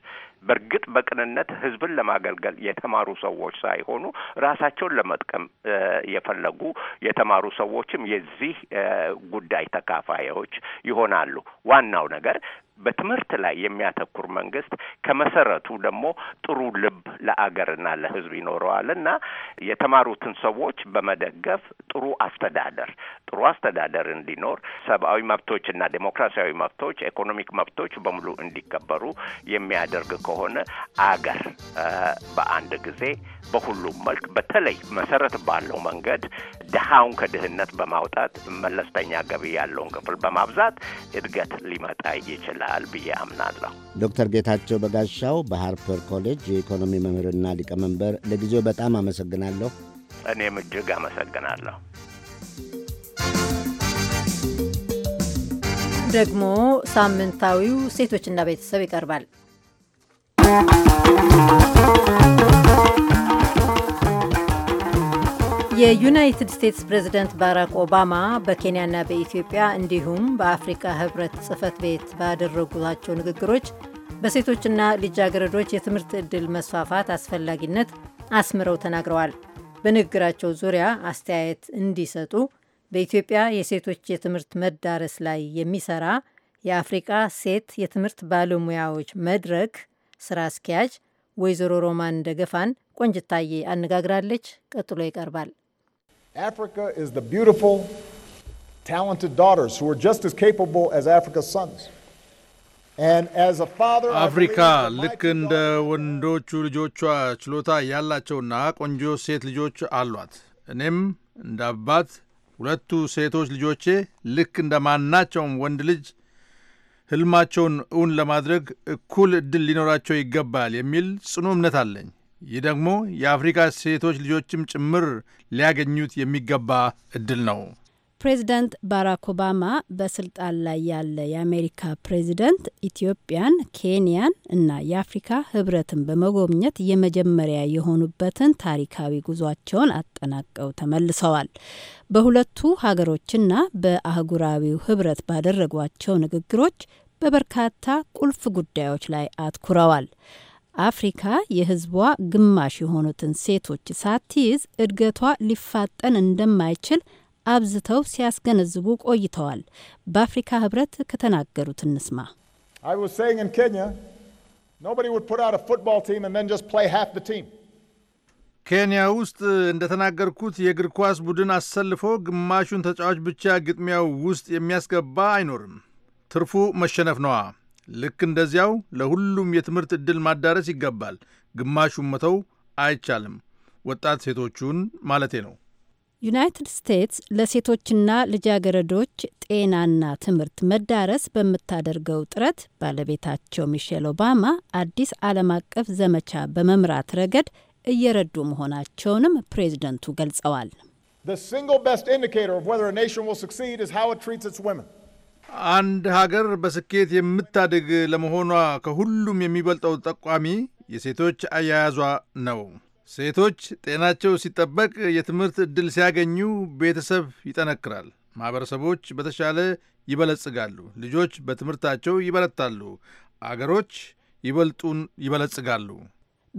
በእርግጥ በቅንነት ህዝብን ለማገልገል የተማሩ ሰዎች ሳይሆኑ ራሳቸውን ለመጥቀም የፈለጉ የተማሩ ሰዎችም የዚህ ጉዳይ ተካፋዮች ይሆናሉ። ዋናው ነገር በትምህርት ላይ የሚያተኩር መንግስት ከመሰረቱ ደግሞ ጥሩ ልብ ለአገርና ለሕዝብ ይኖረዋል እና የተማሩትን ሰዎች በመደገፍ ጥሩ አስተዳደር ጥሩ አስተዳደር እንዲኖር ሰብአዊ መብቶችና ዴሞክራሲያዊ መብቶች፣ ኢኮኖሚክ መብቶች በሙሉ እንዲከበሩ የሚያደርግ ከሆነ አገር በአንድ ጊዜ በሁሉም መልክ በተለይ መሰረት ባለው መንገድ ድሃውን ከድህነት በማውጣት መለስተኛ ገቢ ያለውን ክፍል በማብዛት እድገት ሊመጣ ይችላል። ይችላል ብዬ አምናለሁ። ዶክተር ጌታቸው በጋሻው በሃርፐር ኮሌጅ የኢኮኖሚ መምህርና ሊቀመንበር፣ ለጊዜው በጣም አመሰግናለሁ። እኔም እጅግ አመሰግናለሁ። ደግሞ ሳምንታዊው ሴቶችና ቤተሰብ ይቀርባል። የዩናይትድ ስቴትስ ፕሬዚደንት ባራክ ኦባማ በኬንያና በኢትዮጵያ እንዲሁም በአፍሪካ ህብረት ጽህፈት ቤት ባደረጉላቸው ንግግሮች በሴቶችና ልጃገረዶች የትምህርት ዕድል መስፋፋት አስፈላጊነት አስምረው ተናግረዋል። በንግግራቸው ዙሪያ አስተያየት እንዲሰጡ በኢትዮጵያ የሴቶች የትምህርት መዳረስ ላይ የሚሰራ የአፍሪቃ ሴት የትምህርት ባለሙያዎች መድረክ ስራ አስኪያጅ ወይዘሮ ሮማን ደገፋን ቆንጅታዬ አነጋግራለች። ቀጥሎ ይቀርባል። Africa is the beautiful, talented daughters who are just as capable as Africa's sons. አፍሪካ ልክ እንደ ወንዶቹ ልጆቿ ችሎታ ያላቸውና ቆንጆ ሴት ልጆች አሏት። እኔም እንደ አባት ሁለቱ ሴቶች ልጆቼ ልክ እንደ ማናቸውም ወንድ ልጅ ህልማቸውን እውን ለማድረግ እኩል ዕድል ሊኖራቸው ይገባል የሚል ጽኑ እምነት አለኝ። ይህ ደግሞ የአፍሪካ ሴቶች ልጆችም ጭምር ሊያገኙት የሚገባ እድል ነው። ፕሬዚደንት ባራክ ኦባማ በስልጣን ላይ ያለ የአሜሪካ ፕሬዚደንት ኢትዮጵያን፣ ኬንያን እና የአፍሪካ ህብረትን በመጎብኘት የመጀመሪያ የሆኑበትን ታሪካዊ ጉዟቸውን አጠናቀው ተመልሰዋል። በሁለቱ ሀገሮችና በአህጉራዊው ህብረት ባደረጓቸው ንግግሮች በበርካታ ቁልፍ ጉዳዮች ላይ አትኩረዋል። አፍሪካ የህዝቧ ግማሽ የሆኑትን ሴቶች ሳትይዝ እድገቷ ሊፋጠን እንደማይችል አብዝተው ሲያስገነዝቡ ቆይተዋል። በአፍሪካ ህብረት ከተናገሩት እንስማ። ኬንያ ውስጥ እንደተናገርኩት የእግር ኳስ ቡድን አሰልፎ ግማሹን ተጫዋች ብቻ ግጥሚያው ውስጥ የሚያስገባ አይኖርም። ትርፉ መሸነፍ ነዋ። ልክ እንደዚያው ለሁሉም የትምህርት ዕድል ማዳረስ ይገባል። ግማሹን መተው አይቻልም። ወጣት ሴቶቹን ማለቴ ነው። ዩናይትድ ስቴትስ ለሴቶችና ልጃገረዶች ጤናና ትምህርት መዳረስ በምታደርገው ጥረት ባለቤታቸው ሚሼል ኦባማ አዲስ ዓለም አቀፍ ዘመቻ በመምራት ረገድ እየረዱ መሆናቸውንም ፕሬዝደንቱ ገልጸዋል። አንድ ሀገር በስኬት የምታድግ ለመሆኗ ከሁሉም የሚበልጠው ጠቋሚ የሴቶች አያያዟ ነው። ሴቶች ጤናቸው ሲጠበቅ፣ የትምህርት ዕድል ሲያገኙ ቤተሰብ ይጠነክራል፣ ማኅበረሰቦች በተሻለ ይበለጽጋሉ፣ ልጆች በትምህርታቸው ይበረታሉ፣ አገሮች ይበልጡን ይበለጽጋሉ።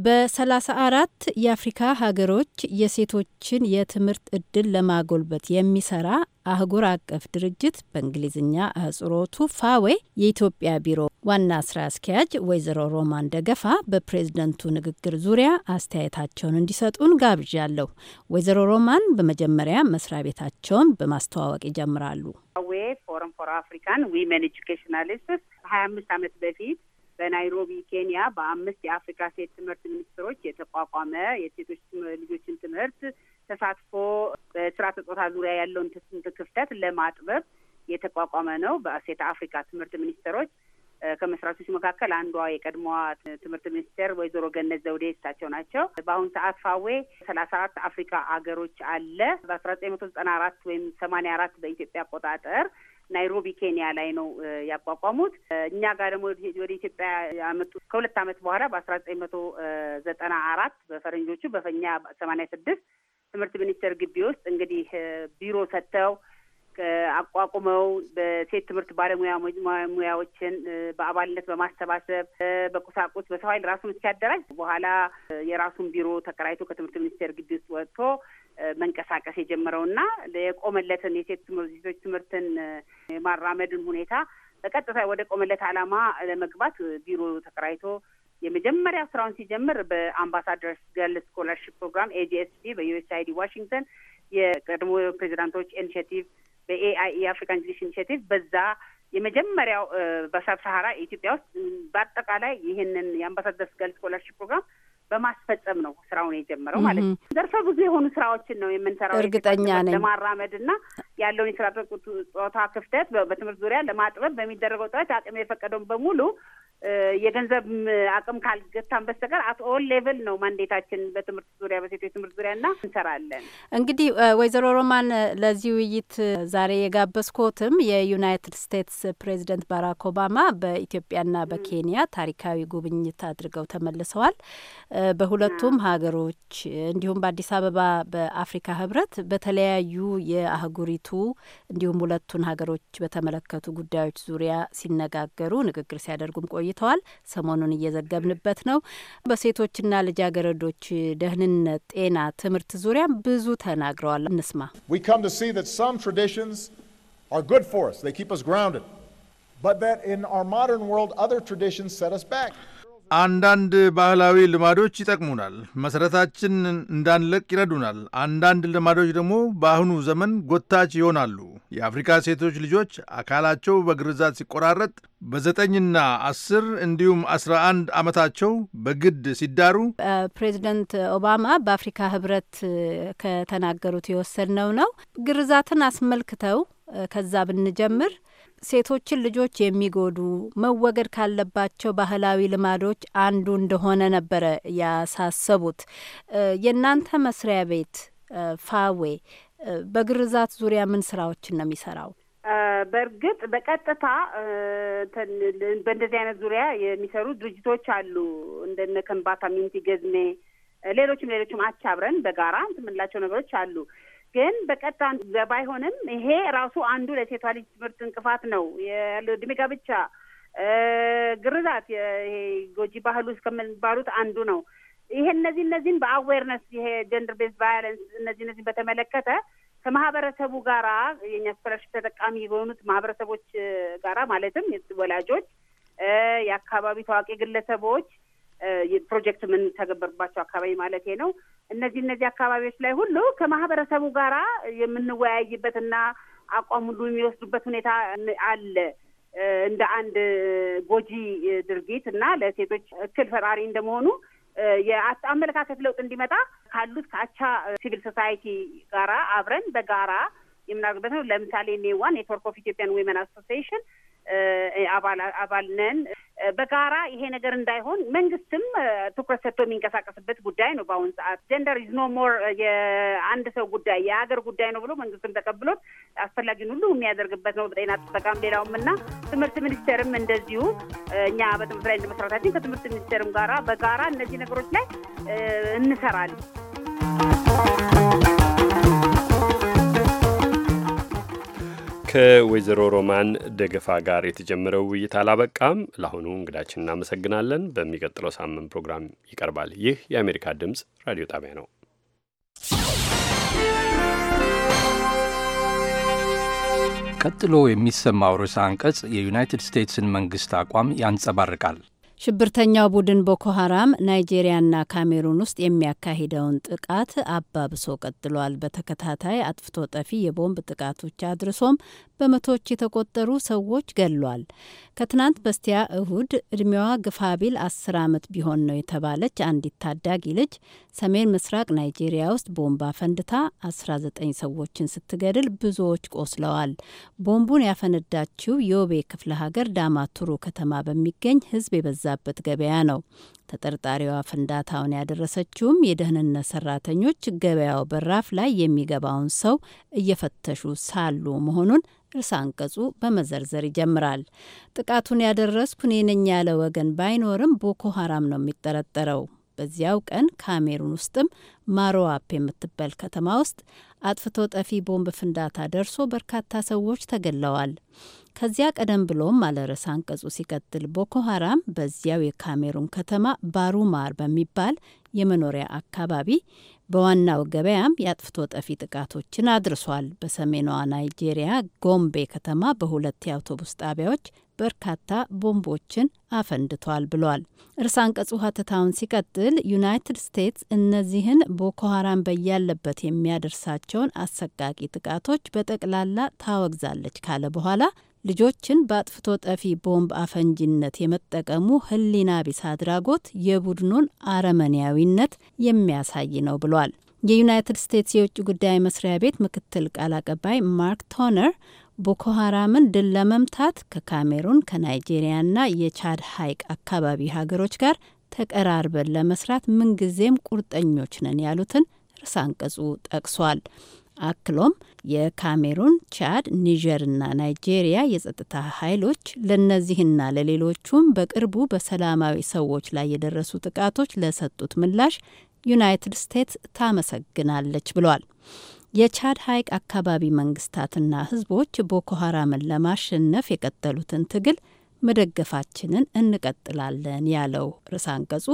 በ34 የአፍሪካ ሀገሮች የሴቶችን የትምህርት እድል ለማጎልበት የሚሰራ አህጉር አቀፍ ድርጅት በእንግሊዝኛ አህጽሮቱ ፋዌ የኢትዮጵያ ቢሮ ዋና ስራ አስኪያጅ ወይዘሮ ሮማን ደገፋ በፕሬዝደንቱ ንግግር ዙሪያ አስተያየታቸውን እንዲሰጡን ጋብዣለሁ። ወይዘሮ ሮማን በመጀመሪያ መስሪያ ቤታቸውን በማስተዋወቅ ይጀምራሉ። ፋዌ ፎረም ፎር አፍሪካን ዊመን ኤጁኬሽናሊስት ከሀያ አምስት አመት በፊት በናይሮቢ ኬንያ በአምስት የአፍሪካ ሴት ትምህርት ሚኒስትሮች የተቋቋመ የሴቶች ልጆችን ትምህርት ተሳትፎ በስራ ተጾታ ዙሪያ ያለውን ክፍተት ለማጥበብ የተቋቋመ ነው። በሴት አፍሪካ ትምህርት ሚኒስትሮች ከመስራቾች መካከል አንዷ የቀድሞዋ ትምህርት ሚኒስቴር ወይዘሮ ገነት ዘውዴ እሳቸው ናቸው። በአሁኑ ሰዓት ፋዌ ሰላሳ አራት አፍሪካ አገሮች አለ። በአስራ ዘጠኝ መቶ ዘጠና አራት ወይም ሰማኒያ አራት በኢትዮጵያ አቆጣጠር ናይሮቢ ኬንያ ላይ ነው ያቋቋሙት። እኛ ጋር ደግሞ ወደ ኢትዮጵያ ያመጡት ከሁለት ዓመት በኋላ በአስራ ዘጠኝ መቶ ዘጠና አራት በፈረንጆቹ በፈኛ ሰማንያ ስድስት ትምህርት ሚኒስቴር ግቢ ውስጥ እንግዲህ ቢሮ ሰጥተው አቋቁመው በሴት ትምህርት ባለሙያዎችን በአባልነት በማሰባሰብ በቁሳቁስ በሰው ኃይል ራሱን እስኪያደራጅ በኋላ የራሱን ቢሮ ተከራይቶ ከትምህርት ሚኒስቴር ግቢ ውስጥ ወጥቶ መንቀሳቀስ የጀመረው እና የቆመለትን የሴት ሴቶች ትምህርትን የማራመድን ሁኔታ በቀጥታ ወደ ቆመለት ዓላማ ለመግባት ቢሮ ተከራይቶ የመጀመሪያ ስራውን ሲጀምር በአምባሳደርስ ገርል ስኮላርሽፕ ፕሮግራም ኤጂኤስፒ በዩኤስአይዲ ዋሽንግተን የቀድሞ ፕሬዚዳንቶች ኢኒሽቲቭ በኤአይ የአፍሪካ እንግሊሽ ኢኒሽቲቭ በዛ የመጀመሪያው በሳብ ሰሀራ ኢትዮጵያ ውስጥ በአጠቃላይ ይህንን የአምባሳደርስ ገርል ስኮላርሽፕ ፕሮግራም በማስፈጸም ነው ስራውን የጀመረው ማለት ነው። ዘርፈ ብዙ የሆኑ ስራዎችን ነው የምንሰራው። እርግጠኛ ነኝ ለማራመድ እና ያለውን የስራ ጾታ ክፍተት በትምህርት ዙሪያ ለማጥበብ በሚደረገው ጥረት አቅም የፈቀደውን በሙሉ የገንዘብ አቅም ካልገታን በስተቀር አት ኦል ሌቭል ነው ማንዴታችን በትምህርት ዙሪያ በሴቶች ትምህርት ዙሪያ ና እንሰራለን። እንግዲህ ወይዘሮ ሮማን ለዚህ ውይይት ዛሬ የጋበዝኮትም የዩናይትድ ስቴትስ ፕሬዚደንት ባራክ ኦባማ በኢትዮጵያና በኬንያ ታሪካዊ ጉብኝት አድርገው ተመልሰዋል። በሁለቱም ሀገሮች እንዲሁም በአዲስ አበባ በአፍሪካ ህብረት በተለያዩ የአህጉሪቱ እንዲሁም ሁለቱን ሀገሮች በተመለከቱ ጉዳዮች ዙሪያ ሲነጋገሩ ንግግር ሲያደርጉም ቆይ ቆይተዋል። ሰሞኑን እየዘገብንበት ነው። በሴቶችና ልጃገረዶች ደህንነት፣ ጤና፣ ትምህርት ዙሪያም ብዙ ተናግረዋል። እንስማ። But that in our modern world, other traditions set us back. አንዳንድ ባህላዊ ልማዶች ይጠቅሙናል፣ መሠረታችን እንዳንለቅ ይረዱናል። አንዳንድ ልማዶች ደግሞ በአሁኑ ዘመን ጎታች ይሆናሉ። የአፍሪካ ሴቶች ልጆች አካላቸው በግርዛት ሲቆራረጥ በዘጠኝና አስር እንዲሁም አስራ አንድ ዓመታቸው በግድ ሲዳሩ ፕሬዚደንት ኦባማ በአፍሪካ ህብረት ከተናገሩት የወሰድነው ነው። ግርዛትን አስመልክተው ከዛ ብንጀምር ሴቶችን ልጆች የሚጎዱ መወገድ ካለባቸው ባህላዊ ልማዶች አንዱ እንደሆነ ነበረ ያሳሰቡት። የእናንተ መስሪያ ቤት ፋዌ በግርዛት ዙሪያ ምን ስራዎችን ነው የሚሰራው? በእርግጥ በቀጥታ በእንደዚህ አይነት ዙሪያ የሚሰሩ ድርጅቶች አሉ እንደነ ከንባታ ሚንቲ ገዝሜ ሌሎችም ሌሎችም አቻብረን በጋራ እንትን የምንላቸው ነገሮች አሉ። ግን በቀጥታ ባይሆንም ይሄ ራሱ አንዱ ለሴቷ ልጅ ትምህርት እንቅፋት ነው። የዕድሜ ጋብቻ ግርዛት፣ ይሄ ጎጂ ባህሉ እስከሚባሉት አንዱ ነው። ይሄ እነዚህ እነዚህን በአዌርነስ ይሄ ጀንደር ቤዝ ቫዮለንስ እነዚህ እነዚህን በተመለከተ ከማህበረሰቡ ጋራ የኛ ስኮላርሽፕ ተጠቃሚ የሆኑት ማህበረሰቦች ጋራ ማለትም ወላጆች፣ የአካባቢ ታዋቂ ግለሰቦች ፕሮጀክት የምንተገበርባቸው አካባቢ ማለት ነው። እነዚህ እነዚህ አካባቢዎች ላይ ሁሉ ከማህበረሰቡ ጋራ የምንወያይበትና አቋም ሁሉ የሚወስዱበት ሁኔታ አለ። እንደ አንድ ጎጂ ድርጊት እና ለሴቶች እክል ፈጣሪ እንደመሆኑ የአመለካከት ለውጥ እንዲመጣ ካሉት ከአቻ ሲቪል ሶሳይቲ ጋራ አብረን በጋራ የምናደርግበት ነው። ለምሳሌ ኔዋን ኔትወርክ ኦፍ ኢትዮጵያን ዊመን አሶሲሽን። አባል ነን። በጋራ ይሄ ነገር እንዳይሆን መንግስትም ትኩረት ሰጥቶ የሚንቀሳቀስበት ጉዳይ ነው። በአሁን ሰዓት ጀንደር ኢዝ ኖ ሞር የአንድ ሰው ጉዳይ የሀገር ጉዳይ ነው ብሎ መንግስትም ተቀብሎት አስፈላጊውን ሁሉ የሚያደርግበት ነው። በጤና ጥበቃም ሌላውም እና ትምህርት ሚኒስቴርም እንደዚሁ እኛ በትምህርት ላይ እንደመስራታችን ከትምህርት ሚኒስቴርም ጋራ በጋራ እነዚህ ነገሮች ላይ እንሰራለን። ከወይዘሮ ሮማን ደገፋ ጋር የተጀመረው ውይይት አላበቃም። ለአሁኑ እንግዳችን እናመሰግናለን። በሚቀጥለው ሳምንት ፕሮግራም ይቀርባል። ይህ የአሜሪካ ድምፅ ራዲዮ ጣቢያ ነው። ቀጥሎ የሚሰማው ርዕሰ አንቀጽ የዩናይትድ ስቴትስን መንግስት አቋም ያንጸባርቃል። ሽብርተኛው ቡድን ቦኮ ሀራም ናይጄሪያና ካሜሩን ውስጥ የሚያካሂደውን ጥቃት አባብሶ ቀጥሏል። በተከታታይ አጥፍቶ ጠፊ የቦምብ ጥቃቶች አድርሶም በመቶዎች የተቆጠሩ ሰዎች ገድሏል። ከትናንት በስቲያ እሁድ እድሜዋ ግፋቢል አስር ዓመት ቢሆን ነው የተባለች አንዲት ታዳጊ ልጅ ሰሜን ምስራቅ ናይጄሪያ ውስጥ ቦምብ አፈንድታ 19 ሰዎችን ስትገድል ብዙዎች ቆስለዋል። ቦምቡን ያፈነዳችው ዮቤ ክፍለ ሀገር ዳማቱሩ ከተማ በሚገኝ ህዝብ የበዛ የሚበዛበት ገበያ ነው። ተጠርጣሪዋ ፍንዳታውን ያደረሰችውም የደህንነት ሰራተኞች ገበያው በራፍ ላይ የሚገባውን ሰው እየፈተሹ ሳሉ መሆኑን እርሳ አንቀጹ በመዘርዘር ይጀምራል። ጥቃቱን ያደረስኩ እኔ ነኝ ያለ ወገን ባይኖርም ቦኮ ሀራም ነው የሚጠረጠረው። በዚያው ቀን ካሜሩን ውስጥም ማሮዋፕ የምትባል ከተማ ውስጥ አጥፍቶ ጠፊ ቦምብ ፍንዳታ ደርሶ በርካታ ሰዎች ተገለዋል። ከዚያ ቀደም ብሎም አለ አንቀጹ ሲቀጥል ቦኮ ሀራም በዚያው የካሜሩን ከተማ ባሩማር በሚባል የመኖሪያ አካባቢ በዋናው ገበያም የአጥፍቶ ጠፊ ጥቃቶችን አድርሷል። በሰሜኗ ናይጄሪያ ጎምቤ ከተማ በሁለት የአውቶቡስ ጣቢያዎች በርካታ ቦምቦችን አፈንድቷል ብሏል። እርሳ አንቀጹ ሀተታውን ሲቀጥል ዩናይትድ ስቴትስ እነዚህን ቦኮ ሀራም በያለበት የሚያደርሳቸውን አሰቃቂ ጥቃቶች በጠቅላላ ታወግዛለች ካለ በኋላ ልጆችን በአጥፍቶ ጠፊ ቦምብ አፈንጂነት የመጠቀሙ ሕሊና ቢስ አድራጎት የቡድኑን አረመኔያዊነት የሚያሳይ ነው ብሏል። የዩናይትድ ስቴትስ የውጭ ጉዳይ መስሪያ ቤት ምክትል ቃል አቀባይ ማርክ ቶነር ቦኮ ሀራምን ድል ለመምታት ከካሜሩን ከናይጄሪያና የቻድ ሀይቅ አካባቢ ሀገሮች ጋር ተቀራርበን ለመስራት ምንጊዜም ቁርጠኞች ነን ያሉትን ርዕሰ አንቀጹ ጠቅሷል። አክሎም የካሜሩን፣ ቻድ፣ ኒጀርና ናይጄሪያ የጸጥታ ኃይሎች ለእነዚህና ለሌሎቹም በቅርቡ በሰላማዊ ሰዎች ላይ የደረሱ ጥቃቶች ለሰጡት ምላሽ ዩናይትድ ስቴትስ ታመሰግናለች ብሏል። የቻድ ሐይቅ አካባቢ መንግስታትና ህዝቦች ቦኮ ሀራምን ለማሸነፍ የቀጠሉትን ትግል መደገፋችንን እንቀጥላለን ያለው ርዕሰ አንቀጹ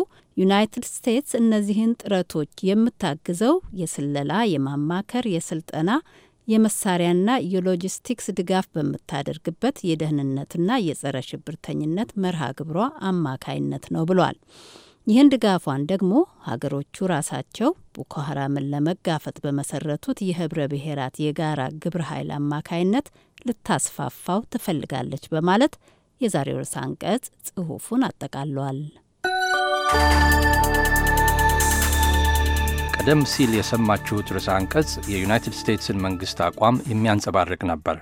ዩናይትድ ስቴትስ እነዚህን ጥረቶች የምታግዘው የስለላ፣ የማማከር፣ የስልጠና የመሳሪያና የሎጂስቲክስ ድጋፍ በምታደርግበት የደህንነትና የጸረ ሽብርተኝነት መርሃ ግብሯ አማካይነት ነው ብሏል። ይህን ድጋፏን ደግሞ ሀገሮቹ ራሳቸው ቦኮ ሀራምን ለመጋፈጥ በመሰረቱት የህብረ ብሔራት የጋራ ግብረ ኃይል አማካይነት ልታስፋፋው ትፈልጋለች በማለት የዛሬው ርዕሰ አንቀጽ ጽሑፉን አጠቃሏል። ቀደም ሲል የሰማችሁት ርዕሰ አንቀጽ የዩናይትድ ስቴትስን መንግስት አቋም የሚያንጸባርቅ ነበር።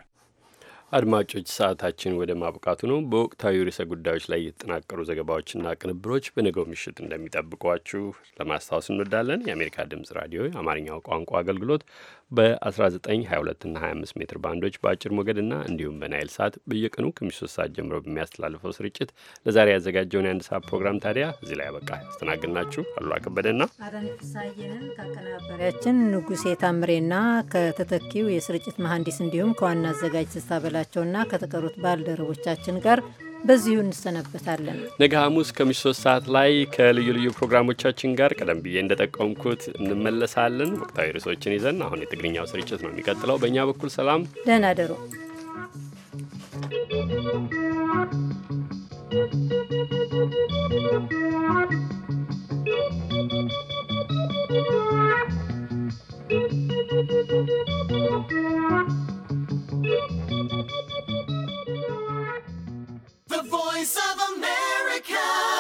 አድማጮች፣ ሰዓታችን ወደ ማብቃቱ ነው። በወቅታዊ ርዕሰ ጉዳዮች ላይ የተጠናቀሩ ዘገባዎችና ቅንብሮች በነገው ምሽት እንደሚጠብቋችሁ ለማስታወስ እንወዳለን። የአሜሪካ ድምጽ ራዲዮ የአማርኛው ቋንቋ አገልግሎት በ1922 እና 25 ሜትር ባንዶች በአጭር ሞገድና እንዲሁም በናይል ሳት በየቀኑ ከምሽቱ ሶስት ሰዓት ጀምሮ በሚያስተላልፈው ስርጭት ለዛሬ ያዘጋጀውን የአንድ ሰዓት ፕሮግራም ታዲያ እዚህ ላይ ያበቃ። ያስተናግድናችሁ አሉላ ከበደና አዳነች ከአቀናባሪያችን ንጉሴ ታምሬና ከተተኪው የስርጭት መሐንዲስ እንዲሁም ከዋና አዘጋጅ ስታበላቸውና ከተቀሩት ባልደረቦቻችን ጋር በዚሁ እንሰነበታለን። ነገ ሐሙስ ከምሽት ሶስት ሰዓት ላይ ከልዩ ልዩ ፕሮግራሞቻችን ጋር ቀደም ብዬ እንደጠቀምኩት እንመለሳለን። ወቅታዊ ርዕሶችን ይዘን አሁን የትግርኛው ስርጭት ነው የሚቀጥለው። በእኛ በኩል ሰላም፣ ደህና ደሩ። Voice of America.